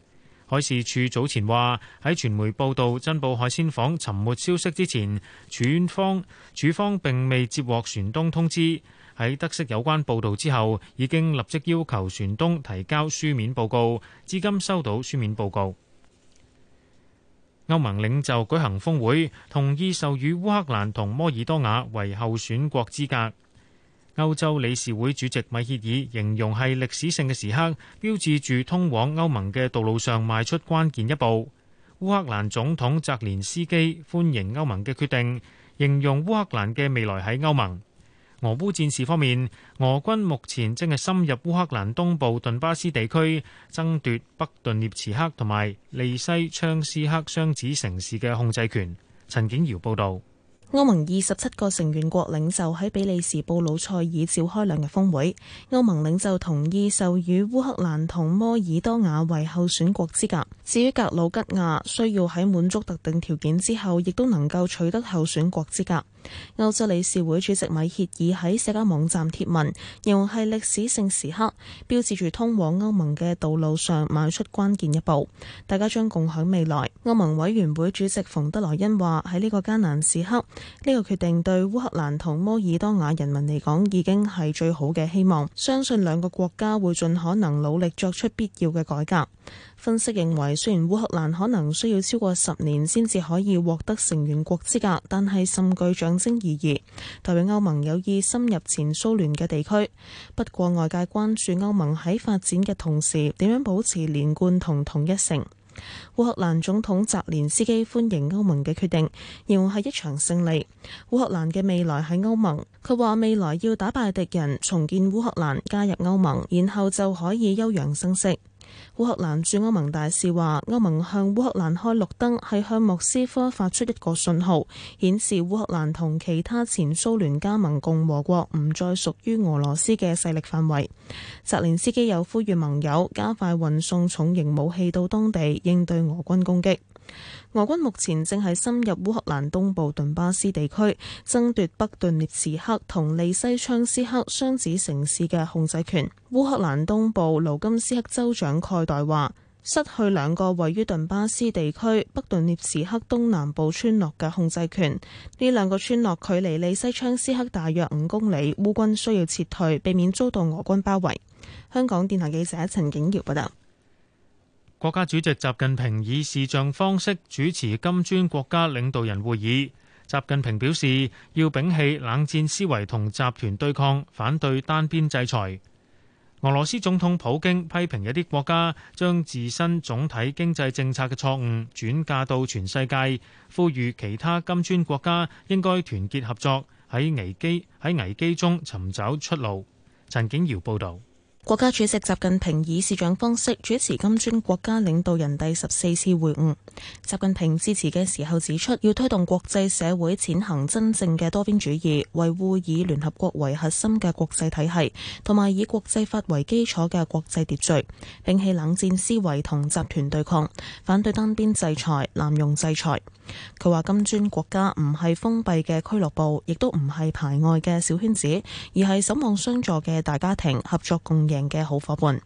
海事處早前話，喺傳媒報道珍寶海鮮舫沉沒消息之前，處方處方並未接獲船東通知。喺得悉有關報道之後，已經立即要求船東提交書面報告。至今收到書面報告。歐盟領袖舉行峰會，同意授予烏克蘭同摩爾多瓦為候選國資格。歐洲理事會主席米歇爾形容係歷史性嘅時刻，標誌住通往歐盟嘅道路上邁出關鍵一步。烏克蘭總統澤連斯基歡迎歐盟嘅決定，形容烏克蘭嘅未來喺歐盟。俄烏戰事方面，俄軍目前正係深入烏克蘭東部頓巴斯地區，爭奪北頓涅茨克同埋利西昌斯克雙子城市嘅控制權。陳景堯報道。歐盟二十七個成員國領袖喺比利時布魯塞爾召開兩日峰會。歐盟領袖同意授予烏克蘭同摩爾多瓦為候選國資格，至於格魯吉亞需要喺滿足特定條件之後，亦都能夠取得候選國資格。歐洲理事會主席米歇爾喺社交網站貼文，形容係歷史性時刻，標誌住通往歐盟嘅道路上邁出關鍵一步。大家將共享未來。歐盟委員會主席馮德萊恩話，喺呢個艱難時刻，呢個決定對烏克蘭同摩爾多瓦人民嚟講已經係最好嘅希望。相信兩個國家會盡可能努力作出必要嘅改革。分析認為，雖然烏克蘭可能需要超過十年先至可以獲得成員國資格，但係甚具象徵意義，代表歐盟有意深入前蘇聯嘅地區。不過，外界關注歐盟喺發展嘅同時，點樣保持連貫同統一性。烏克蘭總統澤連斯基歡迎歐盟嘅決定，形容係一場勝利。烏克蘭嘅未來喺歐盟，佢話未來要打敗敵人，重建烏克蘭，加入歐盟，然後就可以休養生息。烏克蘭駐歐盟大使話：歐盟向烏克蘭開綠燈，係向莫斯科發出一個信號，顯示烏克蘭同其他前蘇聯加盟共和國唔再屬於俄羅斯嘅勢力範圍。澤連斯基又呼籲盟友加快運送重型武器到當地，應對俄軍攻擊。俄軍目前正係深入烏克蘭東部頓巴斯地區，爭奪北頓涅茨克同利西昌斯克雙子城市嘅控制權。烏克蘭東部盧甘斯克州長蓋代話：失去兩個位於頓巴斯地區北頓涅茨克東南部村落嘅控制權，呢兩個村落距離利西昌斯克大約五公里。烏軍需要撤退，避免遭到俄軍包圍。香港電台記者陳景堯報道。國家主席習近平以視像方式主持金磚國家領導人會議。習近平表示，要摒棄冷戰思維同集團對抗，反對單邊制裁。俄羅斯總統普京批評一啲國家將自身總體經濟政策嘅錯誤轉嫁到全世界，呼籲其他金磚國家應該團結合作，喺危機喺危機中尋找出路。陳景堯報道。國家主席習近平以視像方式主持金磚國家領導人第十四次會晤。習近平致辭嘅時候指出，要推動國際社會踐行真正嘅多邊主義，維護以聯合國為核心嘅國際體系，同埋以國際法為基礎嘅國際秩序，摒棄冷戰思維同集團對抗，反對單邊制裁、濫用制裁。佢話金磚國家唔係封閉嘅俱樂部，亦都唔係排外嘅小圈子，而係守望相助嘅大家庭，合作共贏嘅好伙伴。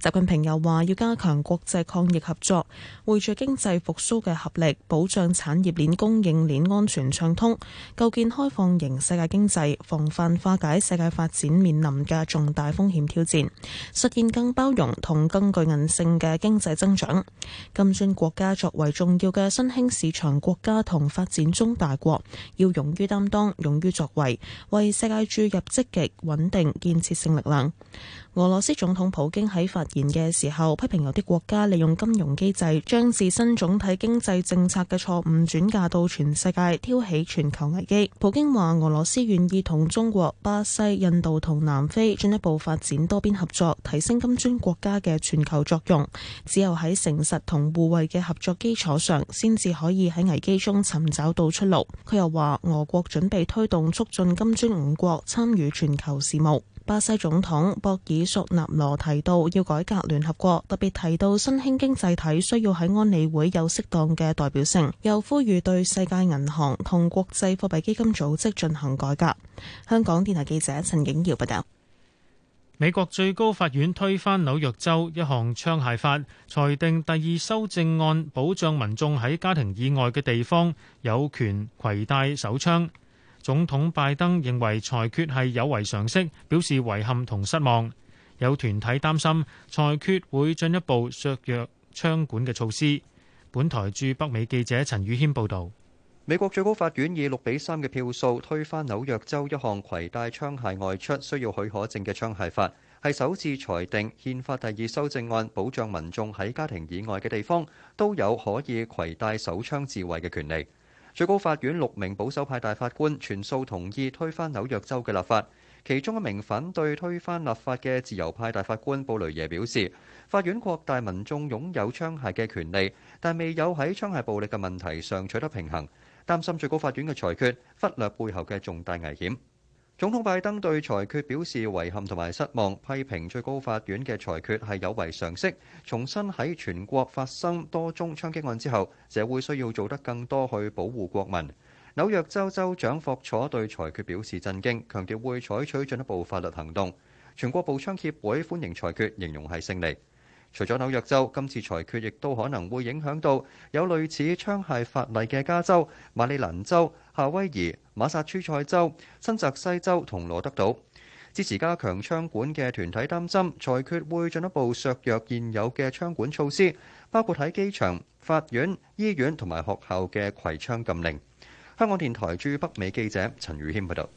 習近平又話要加強國際抗疫合作，匯聚經濟復蘇嘅合力，保障產業鏈供應鏈安全暢通，構建開放型世界經濟，防範化解世界發展面臨嘅重大風險挑戰，實現更包容同更具韌性嘅經濟增長。金磚國家作為重要嘅新興市場，國家同發展中大國要勇於擔當、勇於作為，為世界注入積極、穩定、建設性力量。俄羅斯總統普京喺發言嘅時候批評有啲國家利用金融機制，將自身總體經濟政策嘅錯誤轉嫁到全世界，挑起全球危機。普京話：俄羅斯願意同中國、巴西、印度同南非進一步發展多邊合作，提升金磚國家嘅全球作用。只有喺誠實同互惠嘅合作基礎上，先至可以喺，危機中尋找到出路。佢又話，俄國準備推動促進金磚五國參與全球事務。巴西總統博爾索納羅提到要改革聯合國，特別提到新興經濟體需要喺安理會有適當嘅代表性，又呼籲對世界銀行同國際貨幣基金組織進行改革。香港電台記者陳景堯報道。拜拜美國最高法院推翻紐約州一項槍械法，裁定第二修正案保障民眾喺家庭以外嘅地方有權攜帶手槍。總統拜登認為裁決係有違常識，表示遺憾同失望。有團體擔心裁決會進一步削弱槍管嘅措施。本台駐北美記者陳宇軒報導。美國最高法院以六比三嘅票數推翻紐約州一項攜帶槍械外出需要許可證嘅槍械法，係首次裁定憲法第二修正案保障民眾喺家庭以外嘅地方都有可以攜帶手槍自衞嘅權利。最高法院六名保守派大法官全數同意推翻紐約州嘅立法，其中一名反對推翻立法嘅自由派大法官布雷耶表示，法院擴大民眾擁有槍械嘅權利，但未有喺槍械暴力嘅問題上取得平衡。擔心最高法院嘅裁決忽略背後嘅重大危險。總統拜登對裁決表示遺憾同埋失望，批評最高法院嘅裁決係有違常識。重新喺全國發生多宗槍擊案之後，社會需要做得更多去保護國民。紐約州州長霍楚對裁決表示震驚，強調會採取進一步法律行動。全國步槍協會歡迎裁決，形容係勝利。除咗紐約州，今次裁決亦都可能會影響到有類似槍械法例嘅加州、馬里蘭州、夏威夷、馬薩諸塞州、新澤西州同羅德島。支持加強槍管嘅團體擔心裁決會進一步削弱現有嘅槍管措施，包括喺機場、法院、醫院同埋學校嘅攜槍禁令。香港電台駐北美記者陳宇謙報道。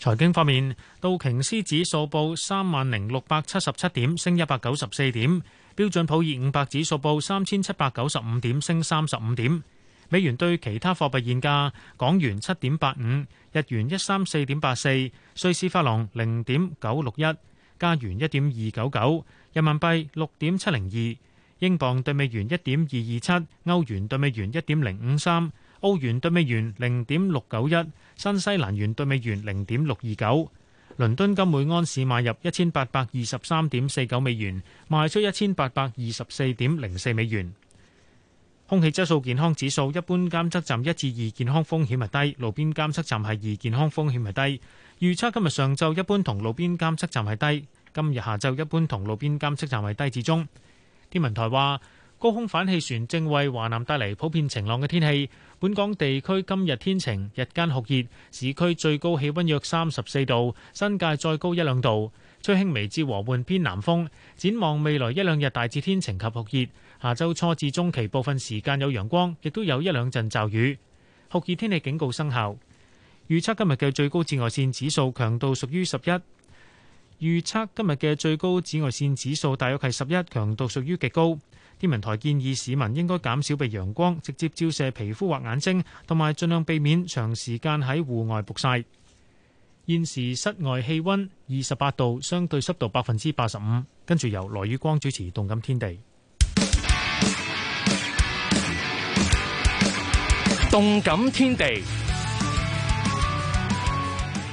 財經方面，道瓊斯指數報三萬零六百七十七點，升一百九十四點；標準普爾五百指數報三千七百九十五點，升三十五點。美元對其他貨幣現價：港元七點八五，日元一三四點八四，瑞士法郎零點九六一，加元一點二九九，人民幣六點七零二，英鎊對美元一點二二七，歐元對美元一點零五三。歐元兌美元零點六九一，新西蘭元兌美元零點六二九。倫敦金每安士買入一千八百二十三點四九美元，賣出一千八百二十四點零四美元。空氣質素健康指數，一般監測站一至二健康風險係低，路邊監測站係二，健康風險係低。預測今日上晝一般同路邊監測站係低，今日下晝一般同路邊監測站係低至中。天文台話。高空反氣旋正為華南帶嚟普遍晴朗嘅天氣。本港地區今日天晴，日間酷熱，市區最高氣温約三十四度，新界再高一兩度，吹輕微至和緩偏南風。展望未來一兩日，大致天晴及酷熱。下周初至中期部分時間有陽光，亦都有一兩陣驟雨。酷熱天氣警告生效。預測今日嘅最高紫外線指數強度屬於十一。預測今日嘅最高紫外線指數大約係十一，強度屬於極高。天文台建議市民應該減少被陽光直接照射皮膚或眼睛，同埋盡量避免長時間喺戶外曝曬。現時室外氣温二十八度，相對濕度百分之八十五。跟住由羅宇光主持《動感天地》。動感天地。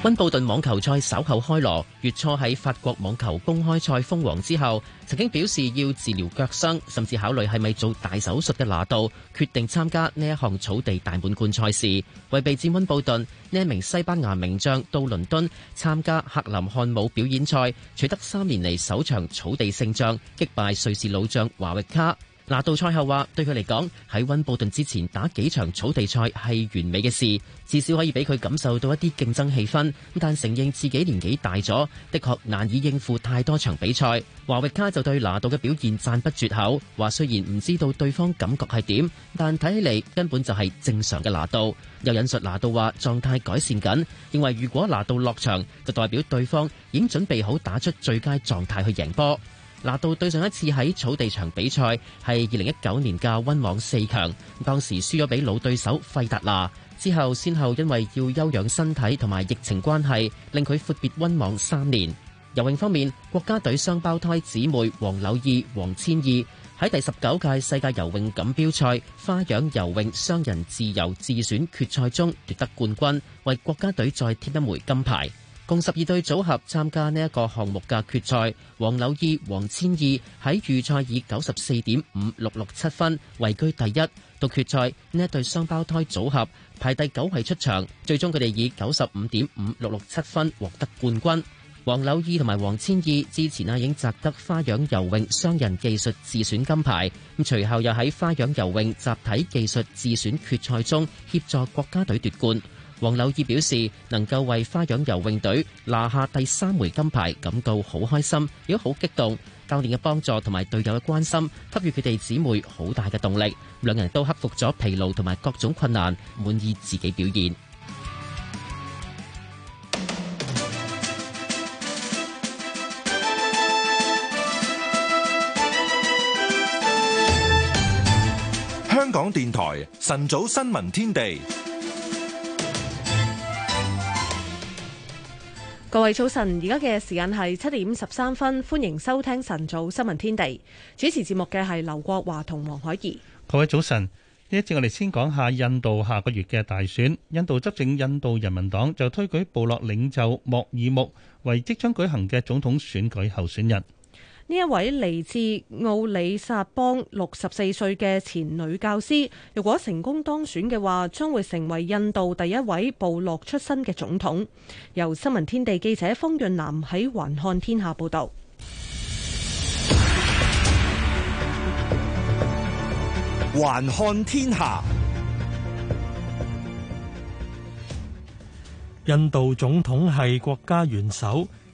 溫布頓網球賽稍後開鑼，月初喺法國網球公開賽封王之後，曾經表示要治療腳傷，甚至考慮係咪做大手術嘅拿度，決定參加呢一項草地大滿貫賽事，為備戰溫布頓，呢名西班牙名將到倫敦參加克林漢姆表演賽，取得三年嚟首場草地勝仗，擊敗瑞士老將華域卡。拿度賽後話：對佢嚟講，喺溫布頓之前打幾場草地賽係完美嘅事，至少可以俾佢感受到一啲競爭氣氛。但承認自己年紀大咗，的確難以應付太多場比賽。華域卡就對拿度嘅表現讚不絕口，話雖然唔知道對方感覺係點，但睇起嚟根本就係正常嘅拿度。又引述拿度話：狀態改善緊，認為如果拿度落場，就代表對方已經準備好打出最佳狀態去贏波。嗱，到對上一次喺草地場比賽係二零一九年嘅溫網四強，當時輸咗俾老對手費達拿。之後，先後因為要休養身體同埋疫情關係，令佢闊別溫網三年。游泳方面，國家隊雙胞胎姊妹黃柳懿、黃千意喺第十九屆世界游泳錦標賽花樣游泳雙人自由自選決賽中奪得冠軍，為國家隊再添一枚金牌。共十二對組合參加呢一個項目嘅決賽，黃柳義、黃千義喺預賽以九十四點五六六七分位居第一。到決賽呢一對雙胞胎組合排第九位出場，最終佢哋以九十五點五六六七分獲得冠軍。黃柳義同埋黃千義之前啊已經摘得花樣游泳雙人技術自選金牌，咁隨後又喺花樣游泳集體技術自選決賽中協助國家隊奪冠。王柳懿表示，能夠為花樣游泳隊拿下第三枚金牌，感到好開心，亦都好激動。教練嘅幫助同埋隊友嘅關心，給予佢哋姊妹好大嘅動力。兩人都克服咗疲勞同埋各種困難，滿意自己表現。香港電台晨早新聞天地。各位早晨，而家嘅時間係七點十三分，歡迎收聽晨早新聞天地。主持節目嘅係劉國華同黃海怡。各位早晨，呢一次我哋先講下印度下個月嘅大選。印度執政印度人民黨就推舉部落領袖莫爾木為即將舉行嘅總統選舉候選人。呢一位嚟自奧里薩邦六十四歲嘅前女教師，如果成功當選嘅話，將會成為印度第一位部落出身嘅總統。由新聞天地記者方潤南喺《環看天下》報道，《環看天下》。印度總統係國家元首。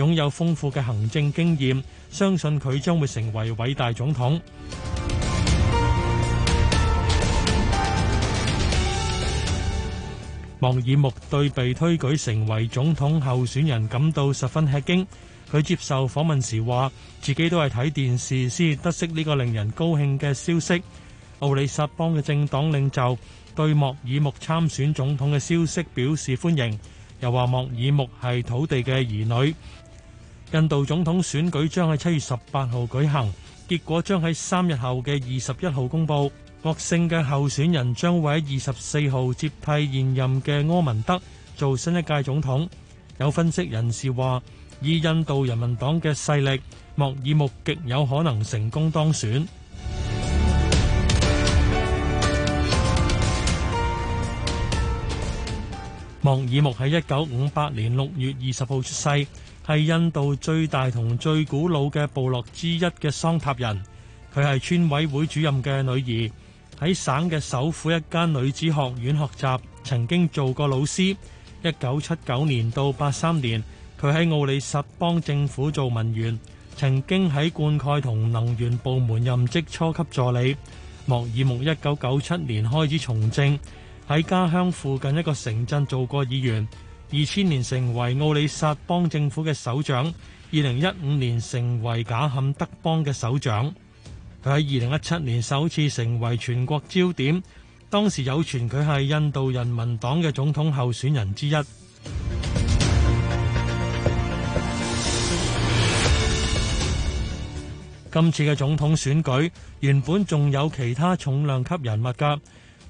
擁有豐富嘅行政經驗，相信佢將會成為偉大總統。莫爾木對被推舉成為總統候選人感到十分吃驚。佢接受訪問時話，自己都係睇電視先得悉呢個令人高興嘅消息。奧里薩邦嘅政黨領袖對莫爾木參選總統嘅消息表示歡迎，又話莫爾木係土地嘅兒女。印度總統選舉將喺七月十八號舉行，結果將喺三日後嘅二十一號公佈。獲勝嘅候選人將會喺二十四號接替現任嘅柯文德做新一屆總統。有分析人士話，以印度人民黨嘅勢力，莫爾木極有可能成功當選。 莫爾木喺一九五八年六月二十號出世。係印度最大同最古老嘅部落之一嘅桑塔人，佢係村委會主任嘅女兒，喺省嘅首府一間女子學院學習，曾經做過老師。一九七九年到八三年，佢喺奧裏薩邦政府做文員，曾經喺灌溉同能源部門任職初級助理。莫爾木一九九七年開始從政，喺家鄉附近一個城鎮做過議員。二千年成為奧里薩邦政府嘅首長，二零一五年成為賈坎德邦嘅首長。佢喺二零一七年首次成為全國焦點，當時有傳佢係印度人民黨嘅總統候選人之一。 今次嘅總統選舉原本仲有其他重量級人物噶。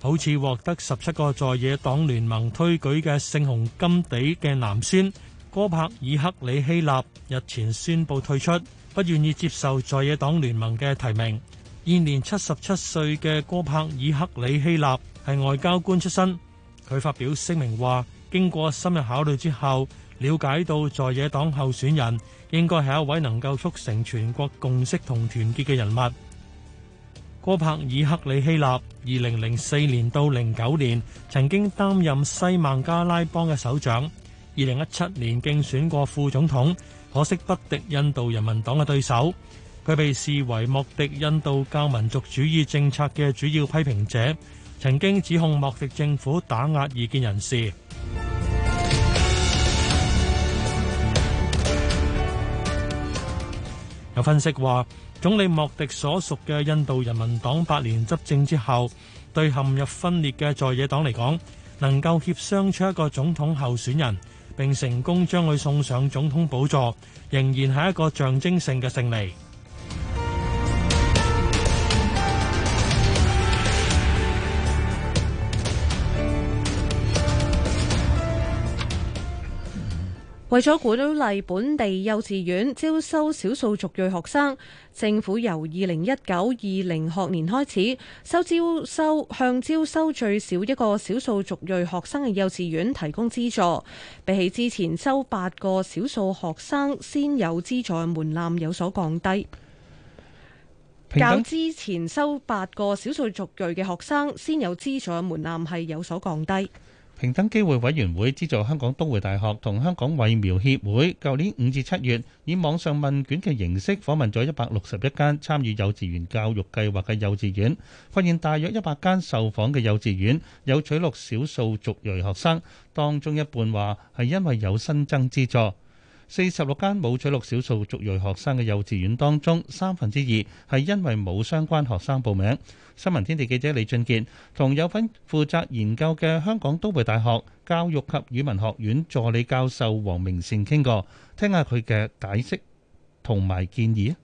好似獲得十七個在野黨聯盟推舉嘅聖雄甘地嘅男孫戈柏爾克里希納日前宣布退出，不願意接受在野黨聯盟嘅提名。現年七十七歲嘅戈柏爾克里希納係外交官出身，佢發表聲明話：經過深入考慮之後，了解到在野黨候選人應該係一位能夠促成全國共識同團結嘅人物。戈柏爾克里希納，二零零四年到零九年曾經擔任西孟加拉邦嘅首長，二零一七年競選過副總統，可惜不敵印度人民黨嘅對手。佢被視為莫迪印度教民族主義政策嘅主要批評者，曾經指控莫迪政府打壓異見人士。分析話，總理莫迪所屬嘅印度人民黨八年執政之後，對陷入分裂嘅在野黨嚟講，能夠協商出一個總統候選人，並成功將佢送上總統寶座，仍然係一個象徵性嘅勝利。為咗鼓勵本地幼稚園招收少數族裔學生，政府由2019-20學年開始收招收向招收最少一個少數族裔學生嘅幼稚園提供資助。比起之前收八個少數學生先有資助嘅門檻有所降低，等較之前收八個少數族裔嘅學生先有資助嘅門檻係有所降低。平等機會委員會資助香港東華大學同香港衛苗協會，舊年五至七月以網上問卷嘅形式訪問咗一百六十一間參與幼稚園教育計劃嘅幼稚園，發現大約一百間受訪嘅幼稚園有取錄少數族裔學生，當中一半話係因為有新增資助。四十六間冇取錄少數族裔學生嘅幼稚園當中，三分之二係因為冇相關學生報名。新聞天地記者李俊傑同有份負責研究嘅香港都會大學教育及語文學院助理教授黃明善傾過，聽下佢嘅解釋同埋建議啊。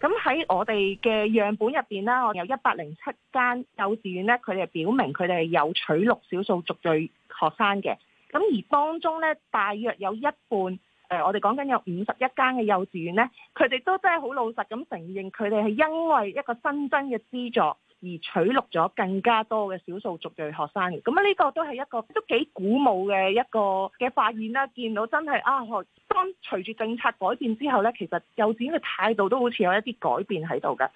咁喺我哋嘅樣本入邊啦，我有一百零七間幼稚園呢，佢哋表明佢哋有取錄少數族裔學生嘅。咁而當中呢，大約有一半。我哋講緊有五十一間嘅幼稚園呢，佢哋都真係好老實咁承認，佢哋係因為一個新增嘅資助而取錄咗更加多嘅少數族裔學生嘅。咁呢個都係一個都幾鼓舞嘅一個嘅發現啦。見到真係啊，當隨住政策改變之後呢，其實幼稚園嘅態度都好似有一啲改變喺度嘅。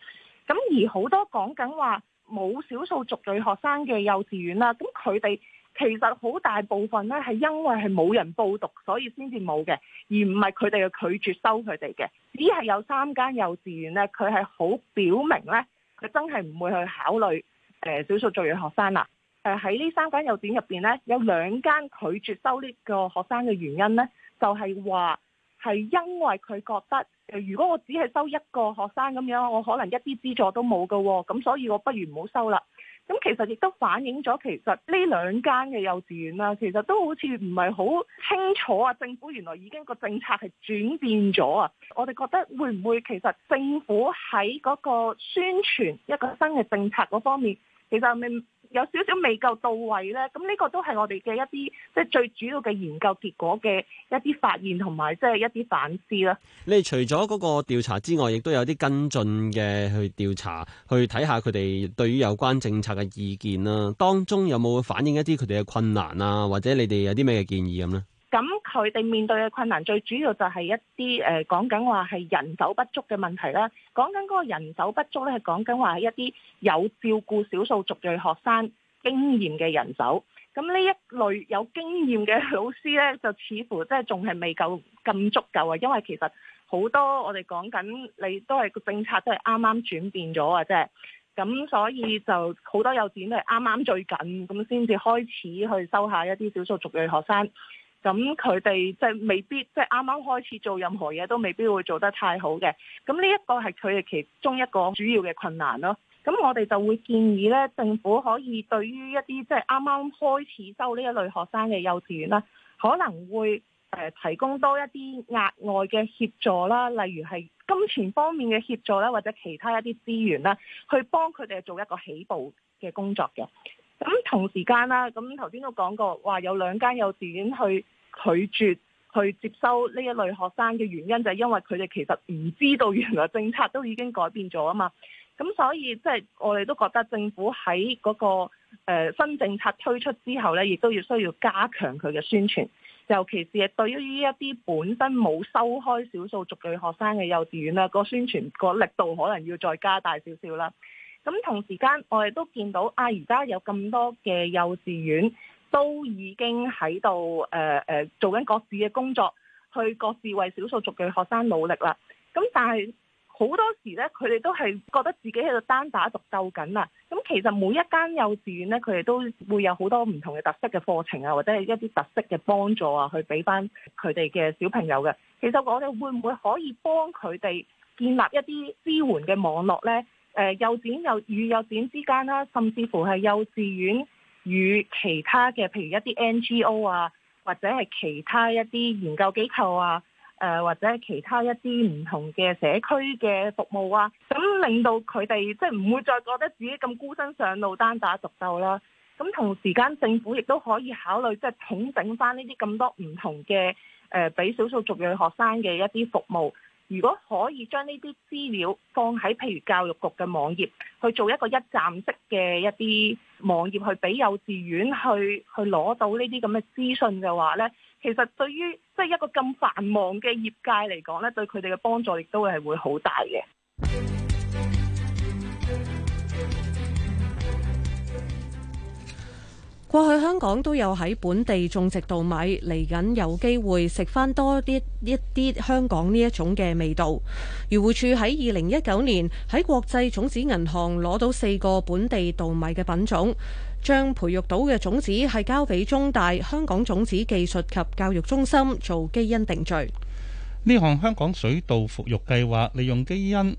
咁而好多講緊話冇少數族裔學生嘅幼稚園啦，咁佢哋。其實好大部分咧係因為係冇人報讀，所以先至冇嘅，而唔係佢哋嘅拒絕收佢哋嘅。只係有三間幼稚園咧，佢係好表明咧，佢真係唔會去考慮誒、呃、少數族裔學生啦。誒喺呢三間幼稚園入邊咧，有兩間拒絕收呢個學生嘅原因咧，就係話係因為佢覺得、呃，如果我只係收一個學生咁樣，我可能一啲資助都冇嘅、哦，咁所以我不如唔好收啦。咁其實亦都反映咗，其實呢兩間嘅幼稚園啦，其實都好似唔係好清楚啊。政府原來已經個政策係轉變咗啊。我哋覺得會唔會其實政府喺嗰個宣傳一個新嘅政策嗰方面，其實係咪，有少少未夠到位咧，咁呢個都係我哋嘅一啲即係最主要嘅研究結果嘅一啲發現同埋即係一啲反思啦。你哋除咗嗰個調查之外，亦都有啲跟進嘅去調查，去睇下佢哋對於有關政策嘅意見啦。當中有冇反映一啲佢哋嘅困難啊？或者你哋有啲咩嘅建議咁咧？咁佢哋面對嘅困難最主要就係一啲誒講緊話係人手不足嘅問題啦。講緊嗰個人手不足咧，係講緊話係一啲有照顧少數族裔學生經驗嘅人手。咁呢一類有經驗嘅老師咧，就似乎即係仲係未夠咁足夠啊。因為其實好多我哋講緊你都係個政策都係啱啱轉變咗啊，即係。咁所以就好多幼稚園都係啱啱最近咁先至開始去收下一啲少數族裔學生。咁佢哋即係未必，即係啱啱開始做任何嘢都未必會做得太好嘅。咁呢一個係佢哋其中一個主要嘅困難咯。咁我哋就會建議呢，政府可以對於一啲即係啱啱開始收呢一類學生嘅幼稚園啦，可能會誒提供多一啲額外嘅協助啦，例如係金錢方面嘅協助啦，或者其他一啲資源啦，去幫佢哋做一個起步嘅工作嘅。咁同時間啦，咁頭先都講過話有兩間幼稚園去拒絕去接收呢一類學生嘅原因就係因為佢哋其實唔知道原來政策都已經改變咗啊嘛，咁所以即係我哋都覺得政府喺嗰個，呃，新政策推出之後呢，亦都要需要加強佢嘅宣傳，尤其是係對於呢一啲本身冇收開少數族裔學生嘅幼稚園啦，個宣傳個力度可能要再加大少少啦。咁同時間，我哋都見到啊！而家有咁多嘅幼稚園都已經喺度誒誒做緊各自嘅工作，去各自為少數族嘅學生努力啦。咁但係好多時呢，佢哋都係覺得自己喺度單打獨鬥緊啊。咁、嗯、其實每一間幼稚園呢，佢哋都會有好多唔同嘅特色嘅課程啊，或者係一啲特色嘅幫助啊，去畀返佢哋嘅小朋友嘅。其實我哋會唔會可以幫佢哋建立一啲支援嘅網絡呢？誒幼稚園又,又與幼稚園之間啦，甚至乎係幼稚園與其他嘅，譬如一啲 NGO 啊，或者係其他一啲研究機構啊，誒、呃、或者係其他一啲唔同嘅社區嘅服務啊，咁令到佢哋即係唔會再覺得自己咁孤身上路單打獨鬥啦。咁同時間政府亦都可以考慮即係統整翻呢啲咁多唔同嘅誒，俾、呃、少數族裔學生嘅一啲服務。如果可以將呢啲資料放喺譬如教育局嘅網頁去做一個一站式嘅一啲網頁，去俾幼稚園去去攞到呢啲咁嘅資訊嘅話呢，其實對於即係、就是、一個咁繁忙嘅業界嚟講呢，對佢哋嘅幫助亦都係會好大嘅。過去香港都有喺本地種植稻米，嚟緊有機會食翻多啲一啲香港呢一種嘅味道。漁護署喺二零一九年喺國際種子銀行攞到四個本地稻米嘅品種，將培育到嘅種子係交俾中大香港種子技術及教育中心做基因定序。呢項香港水稻復育計劃利用基因。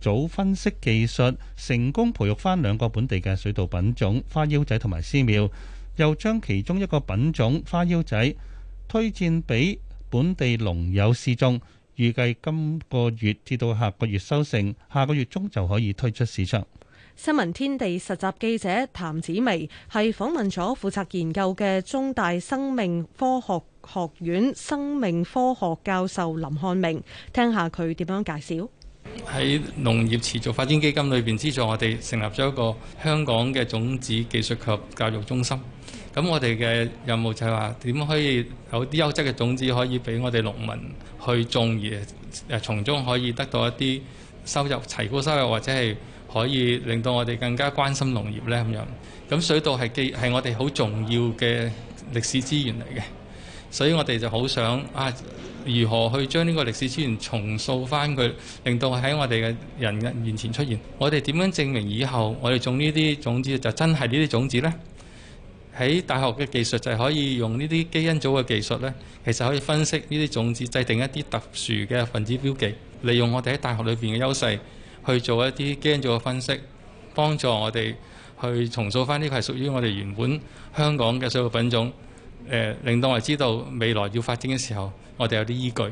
早分析技術成功培育翻兩個本地嘅水稻品種，花腰仔同埋絲苗，又將其中一個品種花腰仔推薦俾本地農友試種，預計今個月至到下個月收成，下個月中就可以推出市場。新聞天地實習記者譚子薇係訪問咗負責研究嘅中大生命科學學院生命科學教授林漢明，聽下佢點樣介紹。喺農業持續發展基金裏邊資助我哋成立咗一個香港嘅種子技術及教育中心。咁我哋嘅任務就係話點可以有啲優質嘅種子可以俾我哋農民去種，而誒從中可以得到一啲收入、提高收入，或者係可以令到我哋更加關心農業呢。咁樣。咁水稻係既係我哋好重要嘅歷史資源嚟嘅，所以我哋就好想啊。如何去將呢個歷史資源重塑翻佢，令到喺我哋嘅人嘅面前出現，我哋點樣證明以後我哋種呢啲種子就真係呢啲種子咧？喺大學嘅技術就係可以用呢啲基因組嘅技術咧，其實可以分析呢啲種子，制定一啲特殊嘅分子標記，利用我哋喺大學裏邊嘅優勢去做一啲基因組嘅分析，幫助我哋去重塑翻呢個係屬於我哋原本香港嘅水稻品種誒、呃、令到我哋知道未來要發展嘅時候。我哋有啲依據。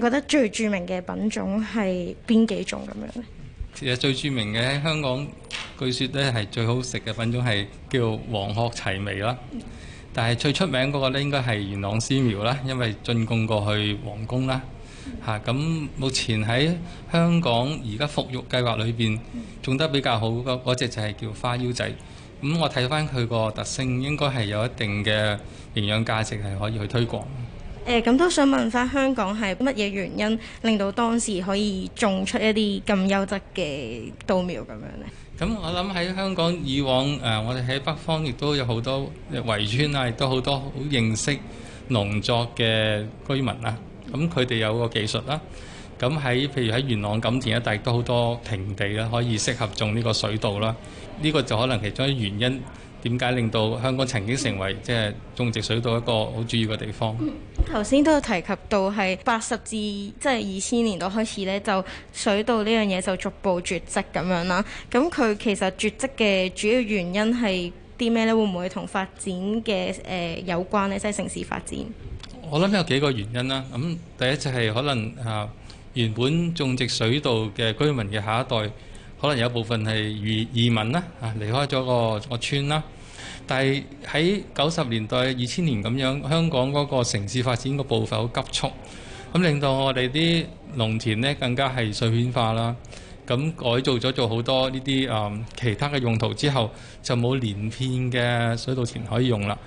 覺得最著名嘅品種係邊幾種咁樣呢？其實最著名嘅喺香港，據説咧係最好食嘅品種係叫黃鶴齊眉啦。嗯、但係最出名嗰個咧應該係元朗絲苗啦，因為進貢過去皇宮啦。嚇、嗯，咁、啊、目前喺香港而家復育計劃裏邊種得比較好個嗰隻就係叫花腰仔。咁我睇返佢個特性，應該係有一定嘅營養價值係可以去推廣。誒咁都想問翻香港係乜嘢原因令到當時可以種出一啲咁優質嘅稻苗咁樣呢？咁我諗喺香港以往誒、呃，我哋喺北方亦都有好多圍村啦，亦都好多好認識農作嘅居民啦。咁佢哋有個技術啦。咁喺譬如喺元朗、錦田一帶都好多平地啦，可以適合種呢個水稻啦。呢、這個就可能其中一原因。點解令到香港曾經成為即係種植水稻一個好主要嘅地方？頭先都有提及到係八十至即係二千年度開始呢就水稻呢樣嘢就逐步絕跡咁樣啦。咁佢其實絕跡嘅主要原因係啲咩呢？會唔會同發展嘅誒、呃、有關咧？即係城市發展？我諗有幾個原因啦。咁第一就係可能啊，原本種植水稻嘅居民嘅下一代。可能有部分係移移民啦，啊離開咗個個村啦，但係喺九十年代、二千年咁樣，香港嗰個城市發展個步伐好急速，咁令到我哋啲農田呢更加係碎片化啦，咁改造咗做好多呢啲誒其他嘅用途之後，就冇連片嘅水稻田可以用啦。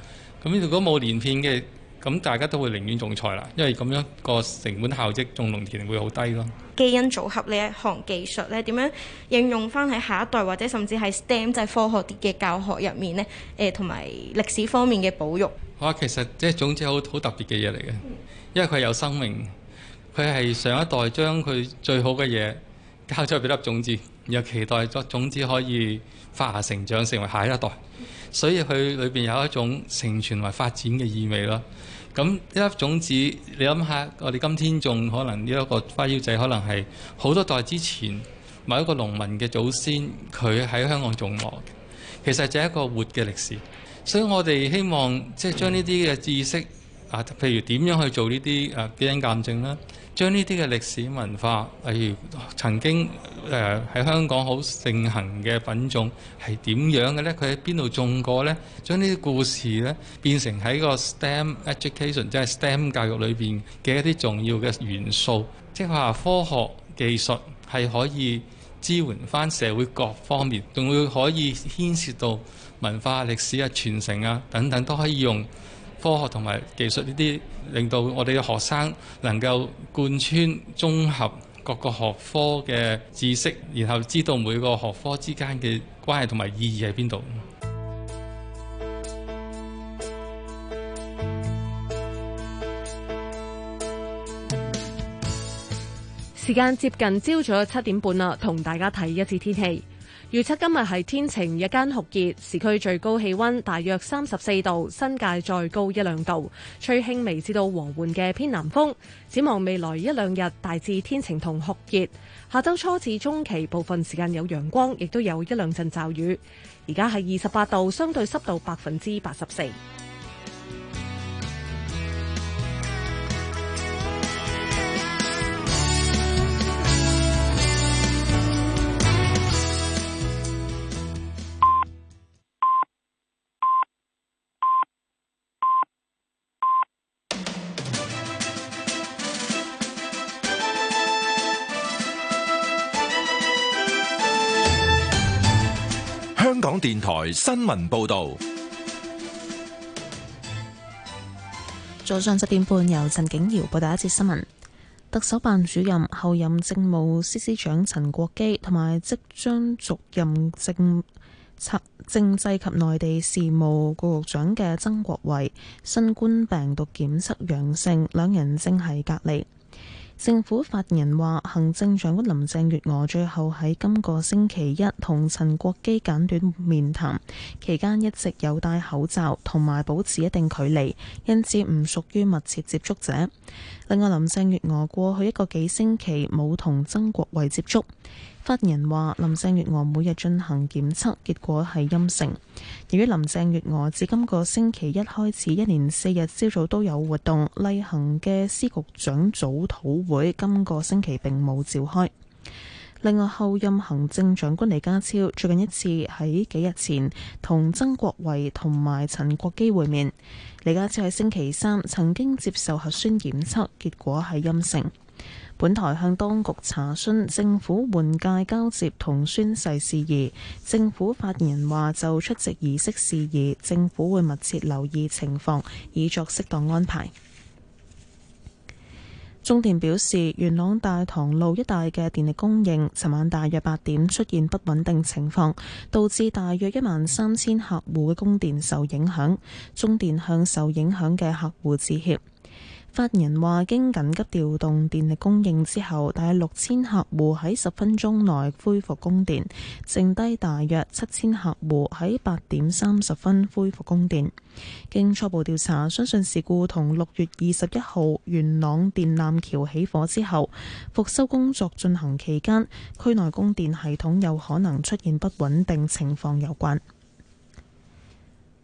咁如果冇連片嘅，咁大家都會寧願種菜啦，因為咁樣個成本效益種農田會好低咯。基因組合呢一行技術咧，點樣應用翻喺下一代或者甚至係 STEM 制科學啲嘅教學入面咧？誒、呃，同埋歷史方面嘅保育。好，啊，其實即係種子好好特別嘅嘢嚟嘅，因為佢有生命，佢係上一代將佢最好嘅嘢交出俾粒種子，然後期待粒種子可以發芽成長成為下一代，所以佢裏邊有一種承傳或發展嘅意味咯。咁一粒種子，你諗下，我哋今天種可能呢一個花腰仔，可能係好多代之前某一個農民嘅祖先，佢喺香港種落，其實就係一個活嘅歷史，所以我哋希望即係將呢啲嘅知識啊，譬如點樣去做、啊、呢啲誒基因鑑證啦。將呢啲嘅歷史文化，例如曾經誒喺香港好盛行嘅品種係點樣嘅呢？佢喺邊度種過呢？將呢啲故事咧變成喺個 STEM education，即係 STEM 教育裏邊嘅一啲重要嘅元素，即係話科學技術係可以支援返社會各方面，仲會可以牽涉到文化、歷史啊、傳承啊等等都可以用。科學同埋技術呢啲，令到我哋嘅學生能夠貫穿綜合各個學科嘅知識，然後知道每個學科之間嘅關係同埋意義喺邊度。時間接近朝早七點半啦，同大家睇一次天氣。預測今日係天晴，日間酷熱，市區最高氣温大約三十四度，新界再高一兩度，吹輕微至到和緩嘅偏南風。展望未來一兩日大致天晴同酷熱，下周初至中期部分時間有陽光，亦都有一兩陣驟雨。而家係二十八度，相對濕度百分之八十四。香港電台新聞報道：早上七點半，由陳景瑤報第一節新聞。特首辦主任、候任政務司司長陳國基，同埋即將續任政策政制及內地事務局局長嘅曾國衛新冠病毒檢測陽性，兩人正喺隔離。政府發言人話，行政長官林鄭月娥最後喺今個星期一同陳國基簡短面談，期間一直有戴口罩同埋保持一定距離，因此唔屬於密切接觸者。另外，林鄭月娥過去一個幾星期冇同曾國衛接觸。發言人話，林鄭月娥每日進行檢測，結果係陰性。由於林鄭月娥自今個星期一開始，一連四日朝早都有活動，例行嘅司局長早討會今個星期並冇召開。另外，後任行政長官李家超最近一次喺幾日前同曾國衛同埋陳國基會面。李家超喺星期三曾經接受核酸檢測，結果係陰性。本台向當局查詢政府換屆交接同宣誓事宜，政府發言人話：就出席儀式事宜，政府會密切留意情況，以作適當安排。中電表示，元朗大棠路一帶嘅電力供應，尋晚大約八點出現不穩定情況，導致大約一萬三千客戶嘅供電受影響。中電向受影響嘅客戶致歉。發言人話：經緊急調動電力供應之後，大約六千客戶喺十分鐘內恢復供電，剩低大約七千客戶喺八點三十分恢復供電。經初步調查，相信事故同六月二十一號元朗電纜橋起火之後復修工作進行期間，區內供電系統有可能出現不穩定情況有關。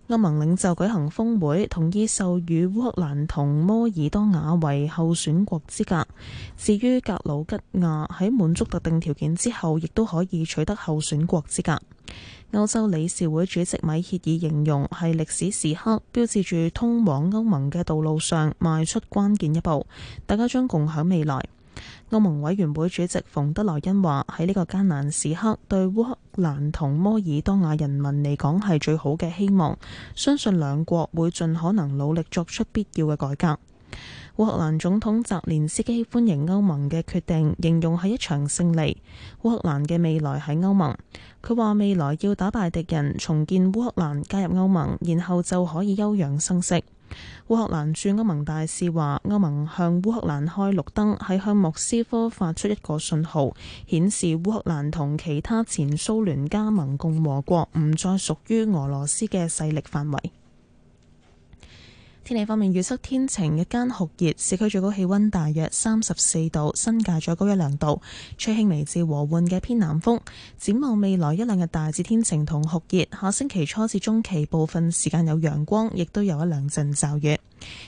歐盟領袖舉行峰會，同意授予烏克蘭同摩爾多瓦為候選國資格。至於格魯吉亞喺滿足特定條件之後，亦都可以取得候選國資格。歐洲理事會主席米歇爾形容係歷史時刻，標誌住通往歐盟嘅道路上邁出關鍵一步，大家將共享未來。歐盟委員會主席馮德萊恩話：喺呢個艱難時刻，對烏克蘭同摩爾多瓦人民嚟講係最好嘅希望。相信兩國會盡可能努力作出必要嘅改革。烏克蘭總統澤連斯基歡迎歐盟嘅決定，形容係一場勝利。烏克蘭嘅未來喺歐盟。佢話未來要打敗敵人，重建烏克蘭，加入歐盟，然後就可以休養生息。烏克蘭駐歐盟大使話：歐盟向烏克蘭開綠燈，係向莫斯科發出一個信號，顯示烏克蘭同其他前蘇聯加盟共和國唔再屬於俄羅斯嘅勢力範圍。天氣方面，預測天晴，日間酷熱，市區最高氣溫大約三十四度，新界再高一兩度，吹輕微至和緩嘅偏南風。展望未來一兩日大致天晴同酷熱，下星期初至中期部分時間有陽光，亦都有一兩陣驟雨。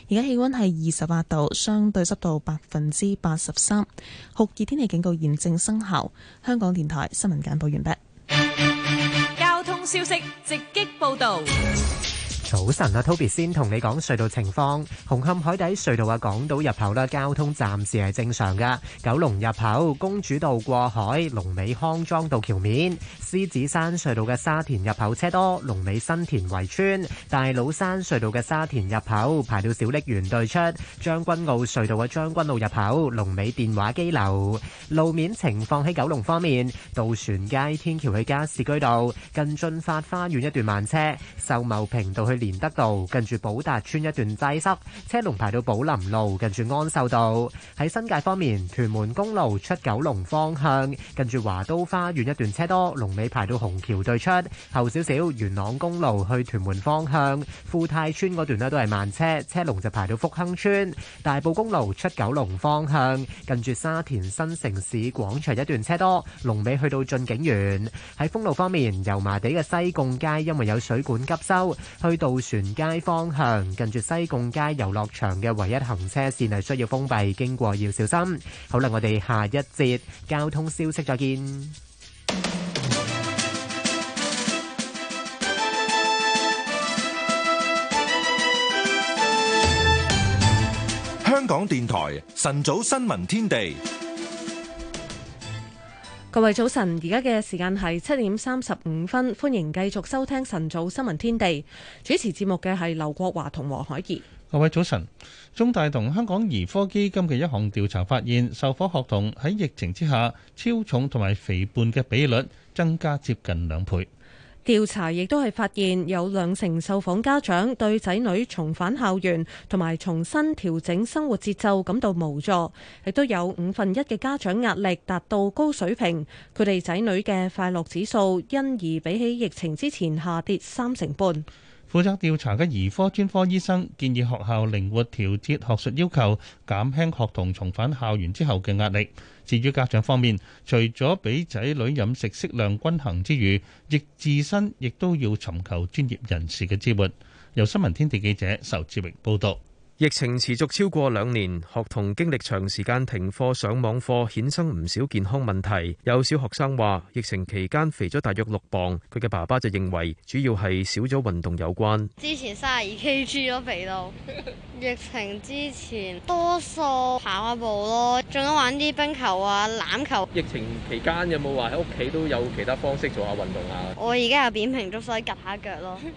而家氣溫係二十八度，相對濕度百分之八十三，酷熱天氣警告現正生效。香港電台新聞簡報完畢。交通消息直擊報道。早晨啊，Toby 先同你講隧道情況。紅磡海底隧道嘅，港島入口啦，交通暫時係正常噶。九龍入口公主道過海，龍尾康莊道橋面。獅子山隧道嘅沙田入口車多，龍尾新田圍村。大老山隧道嘅沙田入口排到小瀝源對出。將軍澳隧道嘅將軍澳入口龍尾電話機樓。路面情況喺九龍方面，渡船街天橋去加士居道近駿發花園一段慢車。秀茂坪道去。連德道近住寶達村一段擠塞，車龍排到寶林路近住安秀道。喺新界方面，屯門公路出九龍方向，近住華都花園一段車多，龍尾排到虹橋對出後少少。元朗公路去屯門方向，富泰村嗰段咧都係慢車，車龍就排到福亨村。大埔公路出九龍方向，近住沙田新城市廣場一段車多，龍尾去到駿景園。喺封路方面，油麻地嘅西貢街因為有水管急修，去到渡船街方向近住西貢街遊樂場嘅唯一行車線係需要封閉，經過要小心。好啦，我哋下一節交通消息再見。香港電台晨早新聞天地。各位早晨，而家嘅時間係七點三十五分，歡迎繼續收聽晨早新聞天地。主持節目嘅係劉國華同黃海怡。各位早晨，中大同香港兒科基金嘅一項調查發現，受訪學童喺疫情之下，超重同埋肥胖嘅比率增加接近兩倍。調查亦都係發現有兩成受訪家長對仔女重返校園同埋重新調整生活節奏感到無助，亦都有五分一嘅家長壓力達到高水平。佢哋仔女嘅快樂指數因而比起疫情之前下跌三成半。負責調查嘅兒科專科醫生建議學校靈活調節學術要求，減輕學童重返校園之後嘅壓力。至於家長方面，除咗畀仔女飲食適量均衡之餘，亦自身亦都要尋求專業人士嘅支援。由新聞天地記者仇志榮報道。疫情持續超過兩年，學童經歷長時間停課上網課，衍生唔少健康問題。有小學生話：疫情期間肥咗大約六磅。佢嘅爸爸就認為主要係少咗運動有關。之前三十二 kg 都肥到， 疫情之前多數跑下步咯，仲有玩啲冰球啊、籃球。疫情期間有冇話喺屋企都有其他方式做下運動啊？我而家有扁平足，所以趌下腳咯。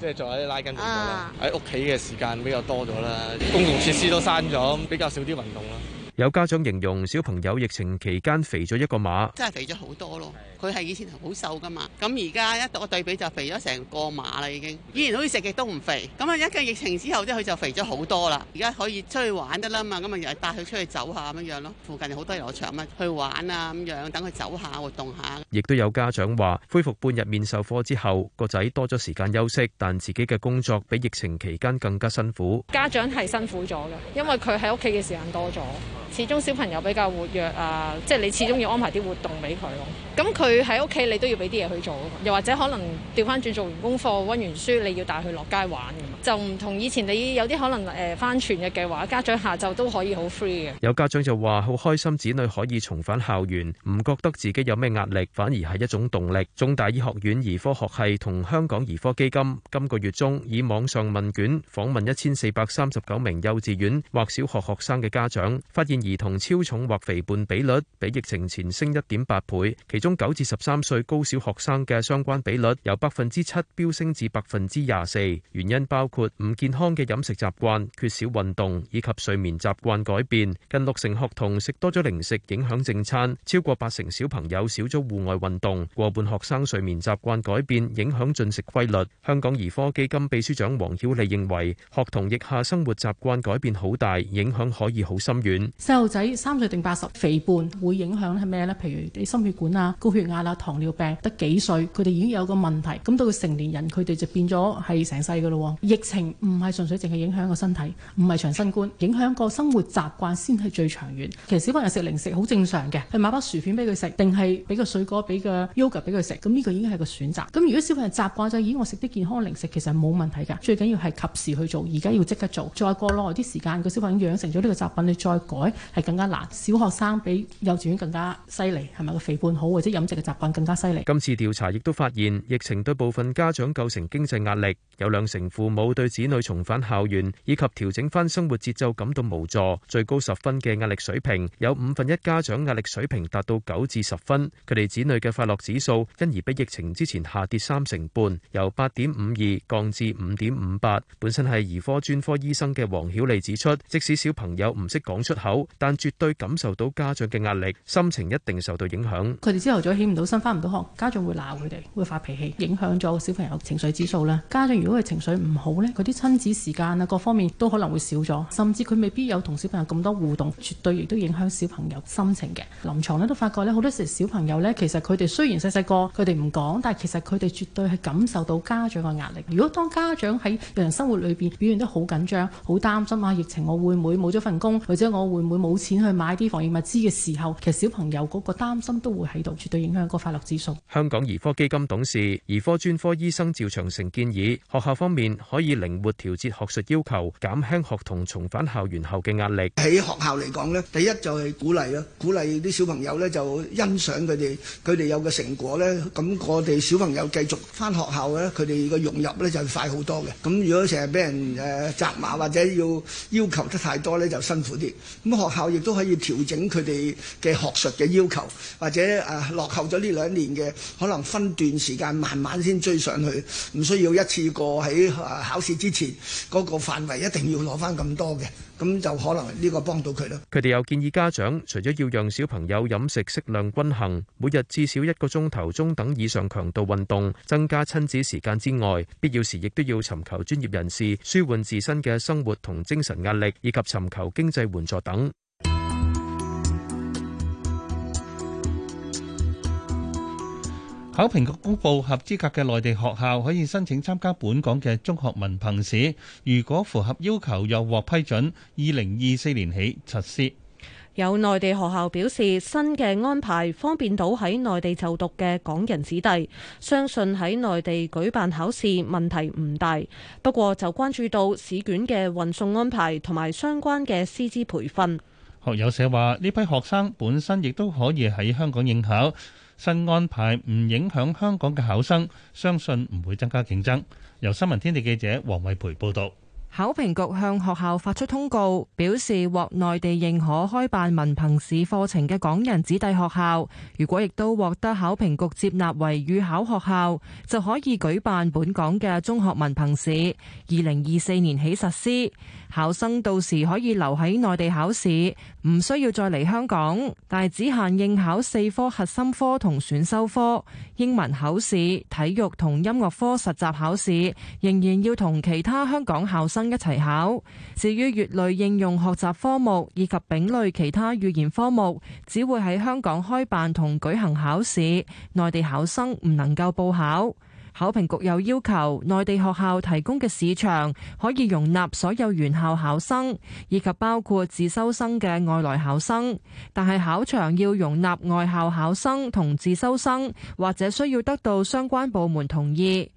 即係做下啲拉筋咁咯，喺屋企嘅時間比較多咗啦，公共設施都閂咗，比較少啲運動啦。有家長形容小朋友疫情期間肥咗一個碼，真係肥咗好多咯。佢係以前好瘦㗎嘛，咁而家一個對比就肥咗成個碼啦已經。以前好似食極都唔肥，咁啊一個疫情之後，即係佢就肥咗好多啦。而家可以出去玩得啦嘛，咁啊又係帶佢出去走下咁樣樣咯。附近好多遊樂場啊，去玩啊咁樣，等佢走下活動下。亦都有家長話，恢復半日面授課之後，個仔多咗時間休息，但自己嘅工作比疫情期間更加辛苦。家長係辛苦咗嘅，因為佢喺屋企嘅時間多咗。始終小朋友比較活躍啊，即係你始終要安排啲活動俾佢咯。咁佢喺屋企你都要俾啲嘢去做，又或者可能調返轉做完功課溫完書，你要帶佢落街玩。就唔同以前，你有啲可能誒返、呃、全日嘅話，家長下晝都可以好 free 嘅。有家長就話好開心，子女可以重返校園，唔覺得自己有咩壓力，反而係一種動力。中大醫學院兒科學系同香港兒科基金今個月中以網上問卷訪問一千四百三十九名幼稚園或小學學生嘅家長，發現，兒童超重或肥胖比率比疫情前升一點八倍，其中九至十三歲高小學生嘅相關比率由百分之七飆升至百分之廿四。原因包括唔健康嘅飲食習慣、缺少運動以及睡眠習慣改變。近六成學童食多咗零食，影響正餐；超過八成小朋友少咗戶外運動，過半學生睡眠習慣改變，影響進食規律。香港兒科基金秘書長黃曉麗認為，學童疫下生活習慣改變好大，影響可以好深遠。細路仔三歲定八十，肥胖會影響係咩呢？譬如你心血管啊、高血壓啊、糖尿病，得幾歲佢哋已經有個問題，咁到佢成年人佢哋就變咗係成世噶咯。疫情唔係純粹淨係影響個身體，唔係長新冠，影響個生活習慣先係最長遠。其實小朋友食零食好正常嘅，係買包薯片俾佢食，定係俾個水果、俾個 yogurt 俾佢食，咁呢個已經係個選擇。咁如果小朋友習慣咗，咦我食啲健康零食其實冇問題㗎，最緊要係及時去做，而家要即刻做，再過耐啲時間，個小朋友養成咗呢個習慣，你再改，係更加難，小學生比幼稚園更加犀利，係咪個肥胖好或者飲食嘅習慣更加犀利？今次調查亦都發現，疫情對部分家長構成經濟壓力，有兩成父母對子女重返校園以及調整翻生活節奏感到無助，最高十分嘅壓力水平，有五分一家長壓力水平達到九至十分，佢哋子女嘅快樂指數因而比疫情之前下跌三成半，由八點五二降至五點五八。本身係兒科專科醫生嘅黃曉莉指出，即使小朋友唔識講出口。但絕對感受到家長嘅壓力，心情一定受到影響。佢哋朝頭早起唔到身，返唔到學，家長會鬧佢哋，會發脾氣，影響咗小朋友情緒指數啦。家長如果係情緒唔好呢，佢啲親子時間啊，各方面都可能會少咗，甚至佢未必有同小朋友咁多互動，絕對亦都影響小朋友心情嘅。臨床咧都發覺咧，好多時小朋友呢，其實佢哋雖然細細個，佢哋唔講，但係其實佢哋絕對係感受到家長嘅壓力。如果當家長喺日常生活裏邊表現得好緊張、好擔心啊，疫情我會唔會冇咗份工，或者我會唔會冇錢去買啲防疫物資嘅時候，其實小朋友嗰個擔心都會喺度，絕對影響個快樂指數。香港兒科基金董事、兒科專科醫生趙長成建議，學校方面可以靈活調節學術要求，減輕學童重返校園後嘅壓力。喺學校嚟講咧，第一就係鼓勵咯，鼓勵啲小朋友咧就欣賞佢哋佢哋有嘅成果咧，咁我哋小朋友繼續翻學校咧，佢哋嘅融入咧就快好多嘅。咁如果成日俾人誒責罵或者要要求得太多咧，就辛苦啲。咁。學校亦都可以調整佢哋嘅學術嘅要求，或者誒、呃、落後咗呢兩年嘅，可能分段時間慢慢先追上去，唔需要一次過喺誒、呃、考試之前嗰、個範圍，一定要攞翻咁多嘅。咁就可能呢個幫到佢咯。佢哋又建議家長，除咗要讓小朋友飲食適量均衡，每日至少一個鐘頭中等以上強度運動，增加親子時間之外，必要時亦都要尋求專業人士舒緩自身嘅生活同精神壓力，以及尋求經濟援助等。考評局公布合資格嘅內地學校可以申請參加本港嘅中學文憑試，如果符合要求又獲批准，二零二四年起實施。有內地學校表示，新嘅安排方便到喺內地就讀嘅港人子弟，相信喺內地舉辦考試問題唔大。不過就關注到試卷嘅運送安排同埋相關嘅師資培訓。學友社話：呢批學生本身亦都可以喺香港應考。新安排唔影響香港嘅考生，相信唔會增加競爭。由新聞天地記者黃偉培報道，考評局向學校發出通告，表示獲內地認可開辦文憑試課程嘅港人子弟學校，如果亦都獲得考評局接納為預考學校，就可以舉辦本港嘅中學文憑試，二零二四年起實施，考生到時可以留喺內地考試。唔需要再嚟香港，但只限應考四科核心科同選修科，英文考試、體育同音樂科實習考試仍然要同其他香港考生一齊考。至於乙類應用學習科目以及丙類其他語言科目，只會喺香港開辦同舉行考試，內地考生唔能夠報考。考評局有要求，內地學校提供嘅試場可以容納所有原校考生以及包括自修生嘅外來考生，但係考場要容納外校考生同自修生，或者需要得到相關部門同意。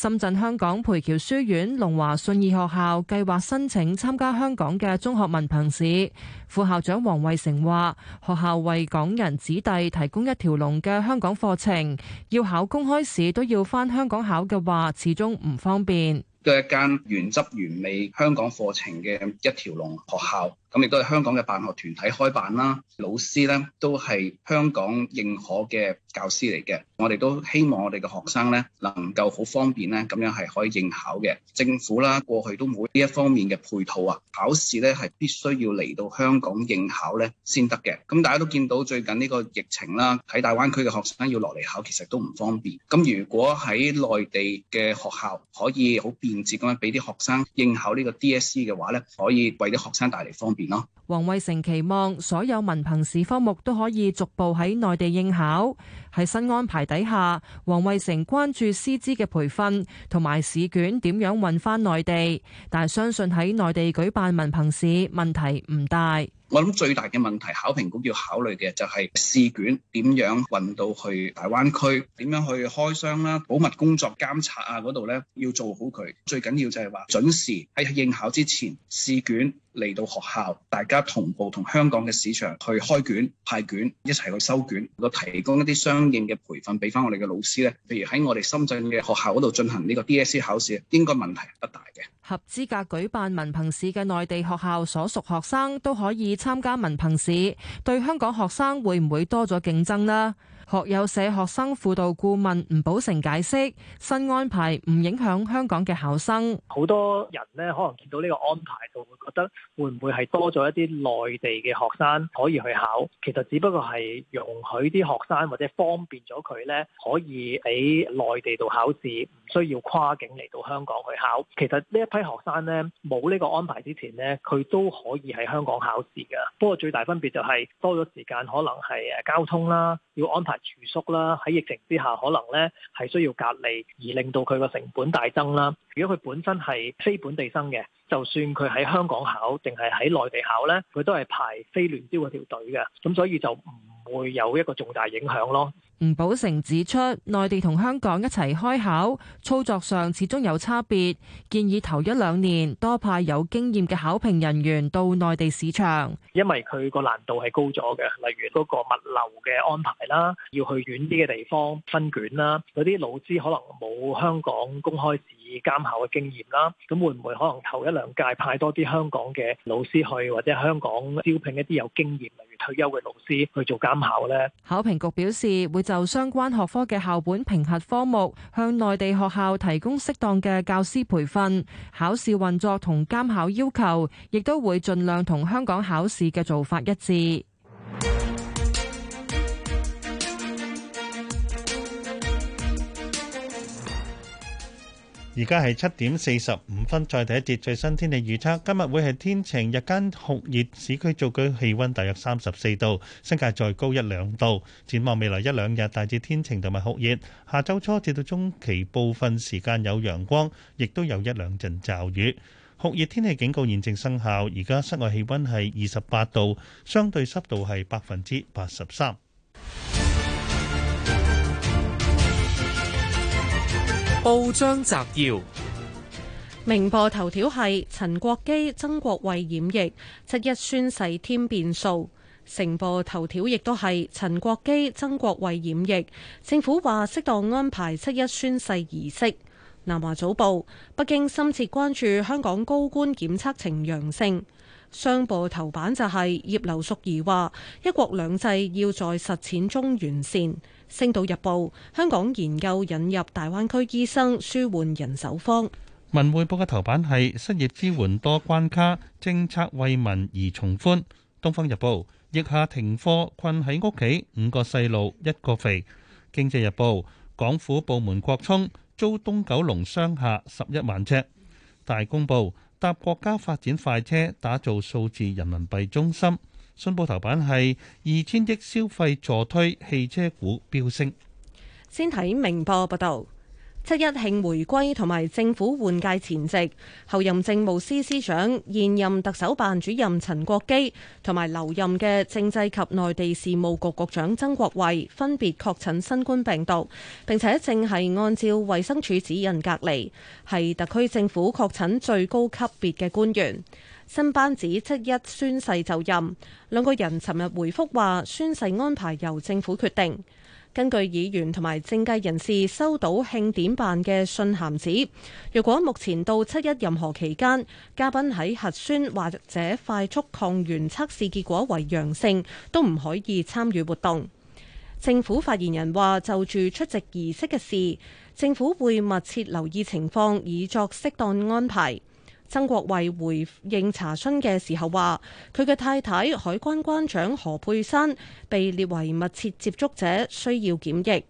深圳香港培僑書院龍華信義學校計劃申請參加香港嘅中學文憑試。副校長黃慧成話：學校為港人子弟提供一條龍嘅香港課程，要考公開試都要翻香港考嘅話，始終唔方便。都一間原汁原味香港課程嘅一條龍學校。咁亦都係香港嘅辦學團體開辦啦，老師咧都係香港認可嘅教師嚟嘅。我哋都希望我哋嘅學生咧能夠好方便咧，咁樣係可以應考嘅。政府啦，過去都冇呢一方面嘅配套啊。考試咧係必須要嚟到香港應考咧先得嘅。咁、嗯、大家都見到最近呢個疫情啦，喺大灣區嘅學生要落嚟考，其實都唔方便。咁、嗯、如果喺內地嘅學校可以好便捷咁樣俾啲學生應考個呢個 DSE 嘅話咧，可以為啲學生帶嚟方便。王衛成期望所有文憑試科目都可以逐步喺內地應考。喺新安排底下，王衛成關注師資嘅培訓同埋試卷點樣運返內地，但係相信喺內地舉辦文憑試問題唔大。我諗最大嘅問題，考評局要考慮嘅就係試卷點樣運到去大灣區，點樣去開箱啦，保密工作監察啊嗰度咧要做好佢。最緊要就係話準時喺應考之前，試卷嚟到學校，大家同步同香港嘅市場去開卷、派卷，一齊去收卷，如果提供一啲相應嘅培訓俾翻我哋嘅老師咧。譬如喺我哋深圳嘅學校嗰度進行呢個 DSE 考試，應該問題不大嘅。合資格舉辦文憑試嘅內地學校所屬學生都可以。參加文憑試對香港學生會唔會多咗競爭呢？學友社學生輔導顧問吳寶成解釋新安排唔影響香港嘅考生。好多人呢，可能見到呢個安排就會覺得會唔會係多咗一啲內地嘅學生可以去考？其實只不過係容許啲學生或者方便咗佢呢，可以喺內地度考試，唔需要跨境嚟到香港去考。其實呢一批學生呢，冇呢個安排之前呢，佢都可以喺香港考試㗎。不過最大分別就係、是、多咗時間，可能係誒交通啦，要安排。住宿啦，喺疫情之下可能咧係需要隔離，而令到佢個成本大增啦。如果佢本身係非本地生嘅，就算佢喺香港考定係喺內地考咧，佢都係排非聯招 𠮶 條隊嘅，咁所以就唔會有一個重大影響咯。吳寶成指出，內地同香港一齊開考，操作上始終有差別，建議頭一兩年多派有經驗嘅考評人員到內地市場，因為佢個難度係高咗嘅，例如嗰個物流嘅安排啦，要去遠啲嘅地方分卷啦，嗰啲老師可能冇香港公開試監考嘅經驗啦，咁會唔會可能頭一兩屆派多啲香港嘅老師去，或者香港招聘一啲有經驗，例如退休嘅老師去做監考咧？考評局表示會。就相關學科嘅校本評核科目，向內地學校提供適當嘅教師培訓、考試運作同監考要求，亦都會盡量同香港考試嘅做法一致。而家係七點四十五分，再睇一節最新天氣預測。今日會係天晴，日間酷熱，市區最高氣温大約三十四度，新界再高一兩度。展望未來一兩日，大致天晴同埋酷熱。下週初至到中期，部分時間有陽光，亦都有一兩陣驟雨。酷熱天氣警告現正生效。而家室外氣温係二十八度，相對濕度係百分之八十三。報章摘要：明報頭條係陳國基、曾國衛染疫，七一宣誓添變數。成報頭條亦都係陳國基、曾國衛染疫。政府話適當安排七一宣誓儀式。南華早報：北京深切關注香港高官檢測呈陽性。商報頭版就係葉劉淑儀話：一國兩制要在實踐中完善。星島日報：香港研究引入大灣區醫生舒緩人手荒。文匯報嘅頭版係失業支援多關卡，政策為民而從寬。東方日報：疫下停課困喺屋企，五個細路一個肥。經濟日報：港府部門國沖租東九龍商廈十一萬尺。大公報：搭國家發展快車，打造數字人民幣中心。新報頭版係二千億消費助推汽車股飆升。先睇明報報道，七一慶回歸同埋政府換屆前夕，候任政務司司長、現任特首辦主任陳國基同埋留任嘅政制及內地事務局局長曾國衛分別確診新冠病毒，並且正係按照衛生署指引隔離，係特區政府確診最高級別嘅官員。新班子七一宣誓就任，兩個人尋日回覆話宣誓安排由政府決定。根據議員同埋政界人士收到慶典辦嘅信函指，若果目前到七一任何期間，嘉賓喺核酸或者快速抗原測試結果為陽性，都唔可以參與活動。政府發言人話就住出席儀式嘅事，政府會密切留意情況，以作適當安排。曾國衛回應查詢嘅時候話，佢嘅太太海關關長何佩珊被列為密切接觸者，需要檢疫。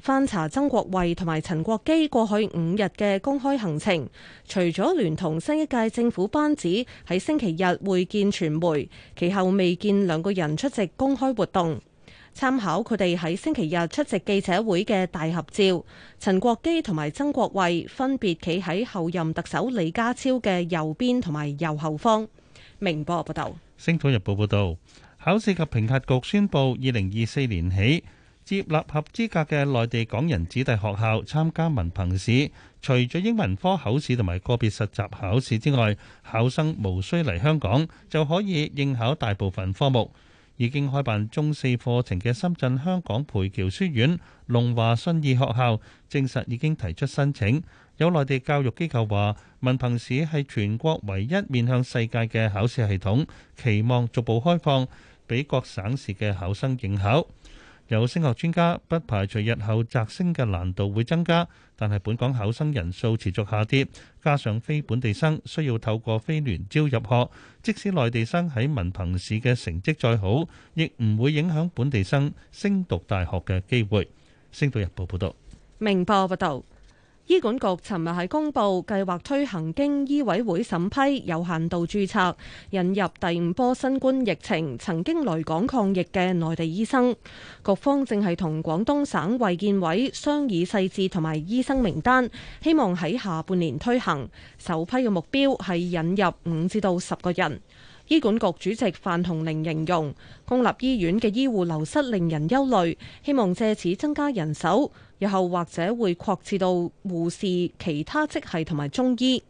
翻查曾國衛同埋陳國基過去五日嘅公開行程，除咗聯同新一屆政府班子喺星期日會見傳媒，其後未見兩個人出席公開活動。參考佢哋喺星期日出席記者會嘅大合照，陳國基同埋曾國衛分別企喺候任特首李家超嘅右邊同埋右後方。明報報道：《星島日報》報道，考試及評核局宣布，二零二四年起，接納合資格嘅內地港人子弟學校參加文憑試，除咗英文科考試同埋個別實習考試之外，考生無需嚟香港就可以應考大部分科目。已經開辦中四課程嘅深圳香港培僑書院、龍華信義學校，證實已經提出申請。有內地教育機構話，文憑試係全國唯一面向世界嘅考試系統，期望逐步開放，俾各省市嘅考生應考。有升學專家不排除日後摘星嘅難度會增加，但係本港考生人數持續下跌，加上非本地生需要透過非聯招入學，即使內地生喺文憑試嘅成績再好，亦唔會影響本地生升讀大學嘅機會。星島日報報導，明報報道。醫管局尋日喺公布計劃推行經醫委會審批、有限度注冊，引入第五波新冠疫情曾經來港抗疫嘅內地醫生。局方正係同廣東省衛健委商議細節同埋醫生名單，希望喺下半年推行。首批嘅目標係引入五至到十個人。醫管局主席范鴻齡形容公立醫院嘅醫護流失令人憂慮，希望借此增加人手，日後或者會擴設到護士、其他職系同埋中醫。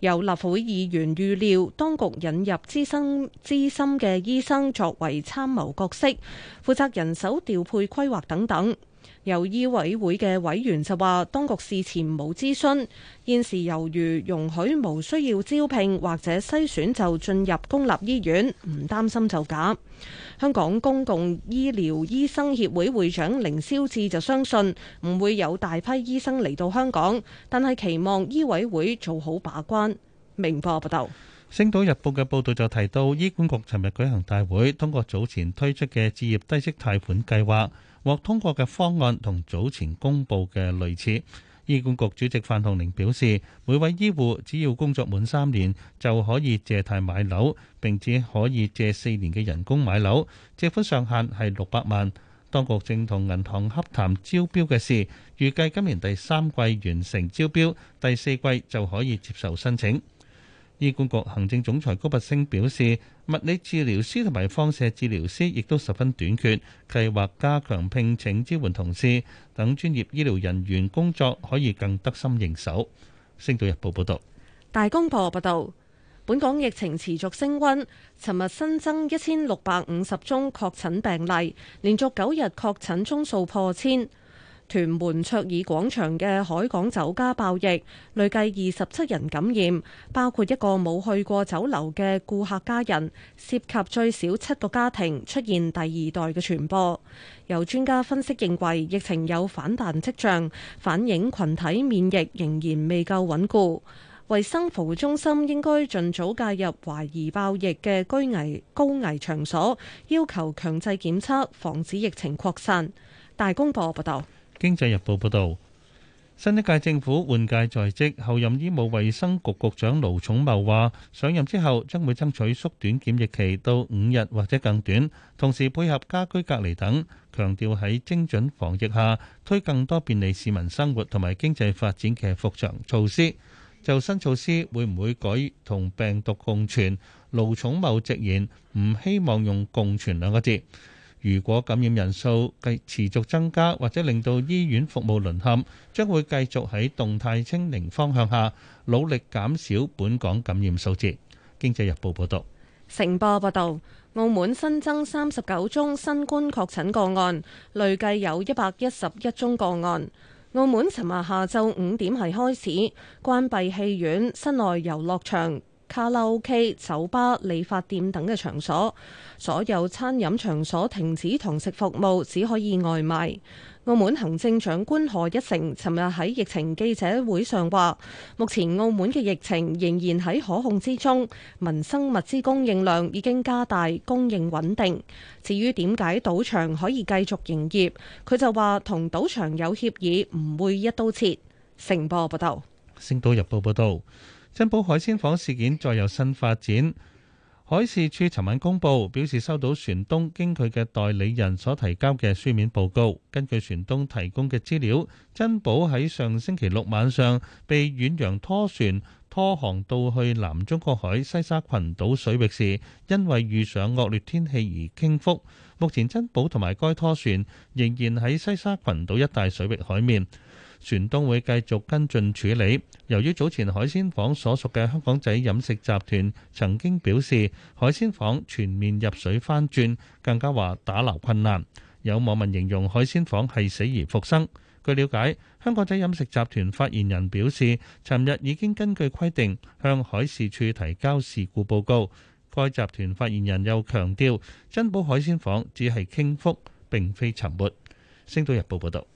有立法會議員預料，當局引入資深資深嘅醫生作為參謀角色，負責人手調配規劃等等。由醫委會嘅委員就話當局事前冇諮詢，現時猶如容許無需要招聘或者篩選就進入公立醫院，唔擔心就假。香港公共醫療醫生協會會長凌霄志就相信唔會有大批醫生嚟到香港，但係期望醫委會做好把關，明報報導，《星島日報》嘅報道就提到，醫管局尋日舉行大會，通過早前推出嘅置業低息貸款計劃。獲通過嘅方案同早前公布嘅類似，醫管局主席范鴻齡表示，每位醫護只要工作滿三年就可以借貸買樓，並且可以借四年嘅人工買樓，借款上限係六百萬。當局正同銀行洽談招標嘅事，預計今年第三季完成招標，第四季就可以接受申請。醫管局行政總裁高拔陞表示，物理治療師同埋放射治療師亦都十分短缺，計劃加強聘請支援同事等專業醫療人員，工作可以更得心應手。星島日報報道，大公報報道，本港疫情持續升溫，尋日新增一千六百五十宗確診病例，連續九日確診宗數破千。屯門卓爾廣場嘅海港酒家爆疫，累計二十七人感染，包括一個冇去過酒樓嘅顧客家人，涉及最少七個家庭出現第二代嘅傳播。有專家分析認為，疫情有反彈跡象，反映群體免疫仍然未夠穩固。衞生服務中心應該盡早介入懷疑爆疫嘅居危高危場所，要求強制檢測，防止疫情擴散。大公報報道。經濟日報報導，新一屆政府換屆在即，候任醫務衛生局局長盧寵茂話：上任之後將會爭取縮短檢疫期到五日或者更短，同時配合家居隔離等，強調喺精準防疫下推更多便利市民生活同埋經濟發展嘅復常措施。就新措施會唔會改同病毒共存，盧寵茂直言唔希望用共存兩個字。如果感染人數繼持續增加，或者令到醫院服務淪陷，將會繼續喺動態清零方向下努力減少本港感染數字。經濟日報報道，成報報道，澳門新增三十九宗新冠確診個案，累計有一百一十一宗個案。澳門尋日下晝五點係開始關閉戲院、室內遊樂場、卡拉 OK、酒吧、理髮店等嘅場所，所有餐飲場所停止堂食服務，只可以外賣。澳門行政長官何一成尋日喺疫情記者會上話，目前澳門嘅疫情仍然喺可控之中，民生物資供應量已經加大，供應穩定。至於點解賭場可以繼續營業，佢就話同賭場有協議，唔會一刀切。成報報道，星島日報報道。珍寶海鮮舫事件再有新發展，海事處尋晚公佈表示收到船東經佢嘅代理人所提交嘅書面報告。根據船東提供嘅資料，珍寶喺上星期六晚上被遠洋拖船拖航到去南中國海西沙群島水域時，因為遇上惡劣天氣而傾覆。目前珍寶同埋該拖船仍然喺西沙群島一帶水域海面。船東會繼續跟進處理。由於早前海鮮舫所屬嘅香港仔飲食集團曾經表示，海鮮舫全面入水翻轉，更加話打撈困難。有網民形容海鮮舫係死而復生。據了解，香港仔飲食集團發言人表示，尋日已經根據規定向海事處提交事故報告。該集團發言人又強調，珍寶海鮮舫只係傾覆，並非沉沒。星島日報報導。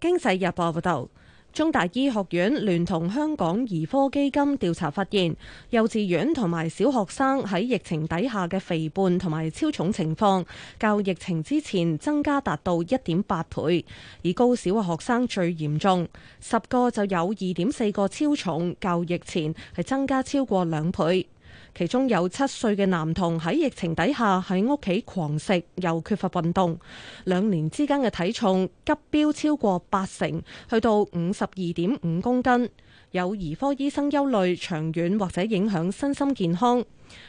經濟日報報道，中大醫學院聯同香港兒科基金調查發現，幼稚園同埋小學生喺疫情底下嘅肥胖同埋超重情況，較疫情之前增加達到一點八倍，而高小嘅學生最嚴重，十個就有二點四個超重，較疫前係增加超過兩倍。其中有七歲嘅男童喺疫情底下喺屋企狂食，又缺乏運動，兩年之間嘅體重急飆超過八成，去到五十二點五公斤。有兒科醫生憂慮長遠或者影響身心健康，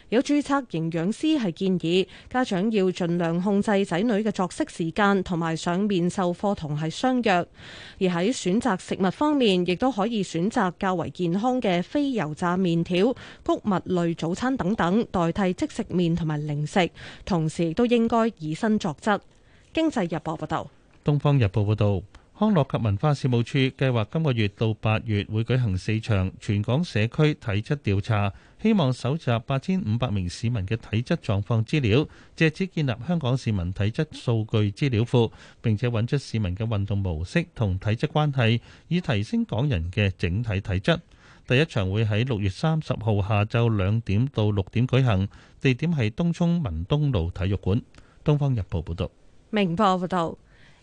有註冊營養師係建議家長要盡量控制仔女嘅作息時間同埋上面授課同係相若，而喺選擇食物方面，亦都可以選擇較為健康嘅非油炸麵條、谷物類早餐等等代替即食麵同埋零食，同時都應該以身作則。經濟日報報導。東方日報報導。康樂及文化事務署計劃今個月到八月會舉行四場全港社區體質調查，希望搜集八千五百名市民嘅體質狀況資料，借此建立香港市民體質數據資料庫，並且揾出市民嘅運動模式同體質關係，以提升港人嘅整體體質。第一場會喺六月三十號下晝兩點到六點舉行，地點係東涌文東路體育館。東方日報報道。明報報道。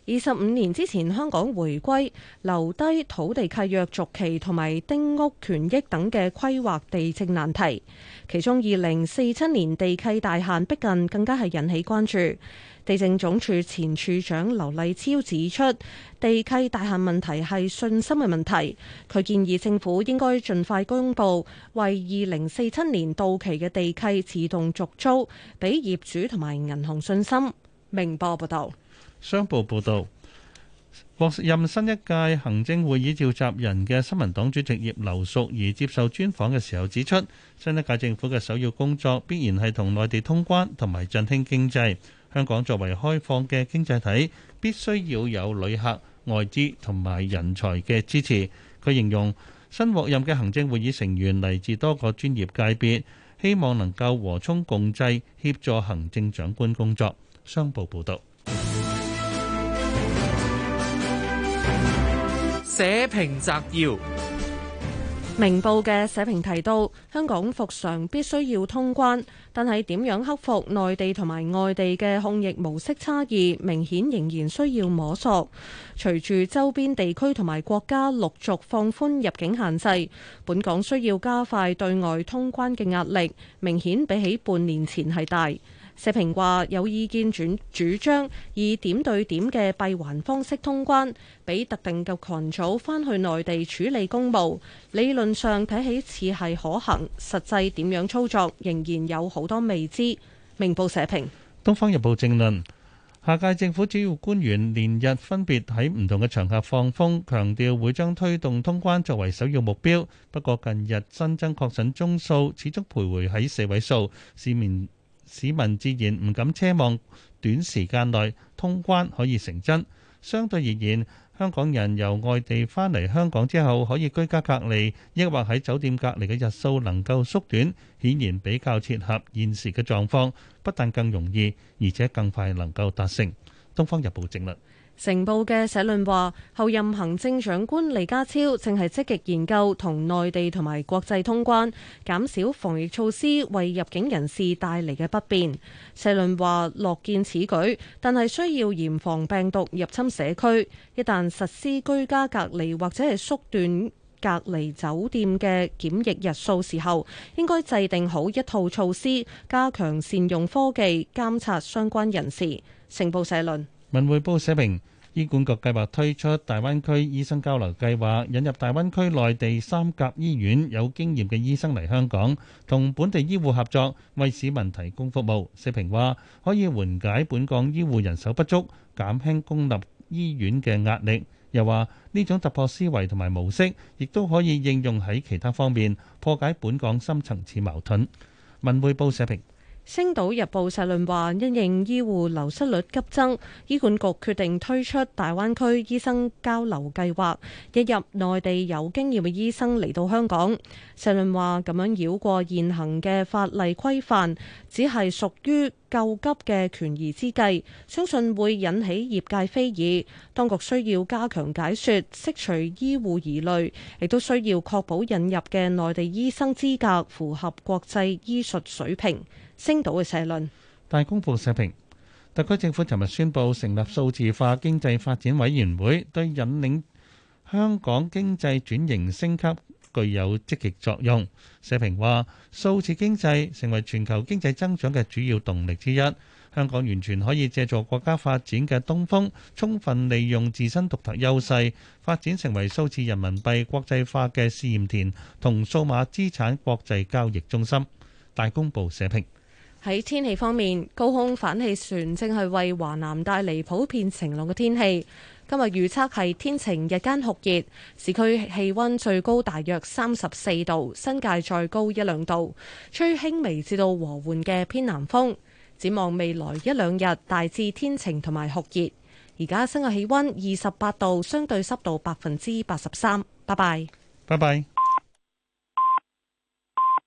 二十五年之前，香港回歸留低土地契約續期同埋丁屋權益等嘅規劃地政難題。其中二零四七年地契大限逼近，更加係引起關注。地政總署前署長劉麗超指出，地契大限問題，係信心嘅問題。佢建議政府應該盡快公布為二零四七年到期嘅地契自動續租，俾業主同埋銀行信心。明報報道。商報報導，獲任新一屆行政會議召集人嘅新民黨主席葉劉淑儀接受專訪嘅時候指出，新一屆政府嘅首要工作必然係同內地通關同埋振興經濟。香港作為開放嘅經濟體，必須要有旅客、外資同埋人才嘅支持。佢形容新獲任嘅行政會議成員嚟自多個專業界別，希望能夠和衷共濟，協助行政長官工作。商報報導。社評摘要：明報嘅社評提到，香港復常必須要通關，但係點樣克服內地同埋外地嘅控疫模式差異，明顯仍然需要摸索。隨住周邊地區同埋國家陸續放寬入境限制，本港需要加快對外通關嘅壓力，明顯比起半年前係大。社評話有意見轉主張以點對點嘅閉環方式通關，俾特定嘅群組返去內地處理公務。理論上睇起似係可行，實際點樣操作仍然有好多未知。明報社評，《東方日報》正論：下屆政府主要官員連日分別喺唔同嘅場合放風，強調會將推動通關作為首要目標。不過近日新增確診宗數始終徘徊喺四位數，市面。市民自然唔敢奢望短時間內通關可以成真。相對而言，香港人由外地翻嚟香港之後可以居家隔離，抑或喺酒店隔離嘅日數能夠縮短，顯然比較切合現時嘅狀況，不但更容易，而且更快能夠達成。《東方日報》整理。成報嘅社論話：候任行政長官李家超正係積極研究同內地同埋國際通關，減少防疫措施為入境人士帶嚟嘅不便。社論話樂見此舉，但係需要嚴防病毒入侵社區。一旦實施居家隔離或者係縮短隔離酒店嘅檢疫日數時候，應該制定好一套措施，加強善用科技監察相關人士。成報社論。文匯報社評：醫管局計劃推出大灣區醫生交流計劃，引入大灣區內地三甲醫院有經驗嘅醫生嚟香港，同本地醫護合作，為市民提供服務。社評話可以緩解本港醫護人手不足，減輕公立醫院嘅壓力。又話呢種突破思維同埋模式，亦都可以應用喺其他方面，破解本港深層次矛盾。文匯報社評。《星島日報》社論話，因應醫護流失率急增，醫管局決定推出大灣區醫生交流計劃，引入內地有經驗嘅醫生嚟到香港。社論話，咁樣繞過現行嘅法例規範，只係屬於救急嘅權宜之計，相信會引起業界非議。當局需要加強解說，釋除醫護疑慮，亦都需要確保引入嘅內地醫生資格符合國際醫術水平。星島嘅社論。大公報社評，特區政府尋日宣布成立數字化經濟發展委員會，對引領香港經濟轉型升級具有積極作用。社評話，數字經濟成為全球經濟增長嘅主要動力之一，香港完全可以藉助國家發展嘅東風，充分利用自身獨特優勢，發展成為數字人民幣國際化嘅試驗田同數碼資產國際交易中心。大公報社評。喺天氣方面，高空反氣旋正係為華南帶嚟普遍晴朗嘅天氣。今日預測係天晴，日間酷熱，市區氣温最高大約三十四度，新界再高一兩度，吹輕微至到和緩嘅偏南風。展望未來一兩日，大致天晴同埋酷熱。而家新嘅氣温二十八度，相對濕度百分之八十三。拜拜，拜拜。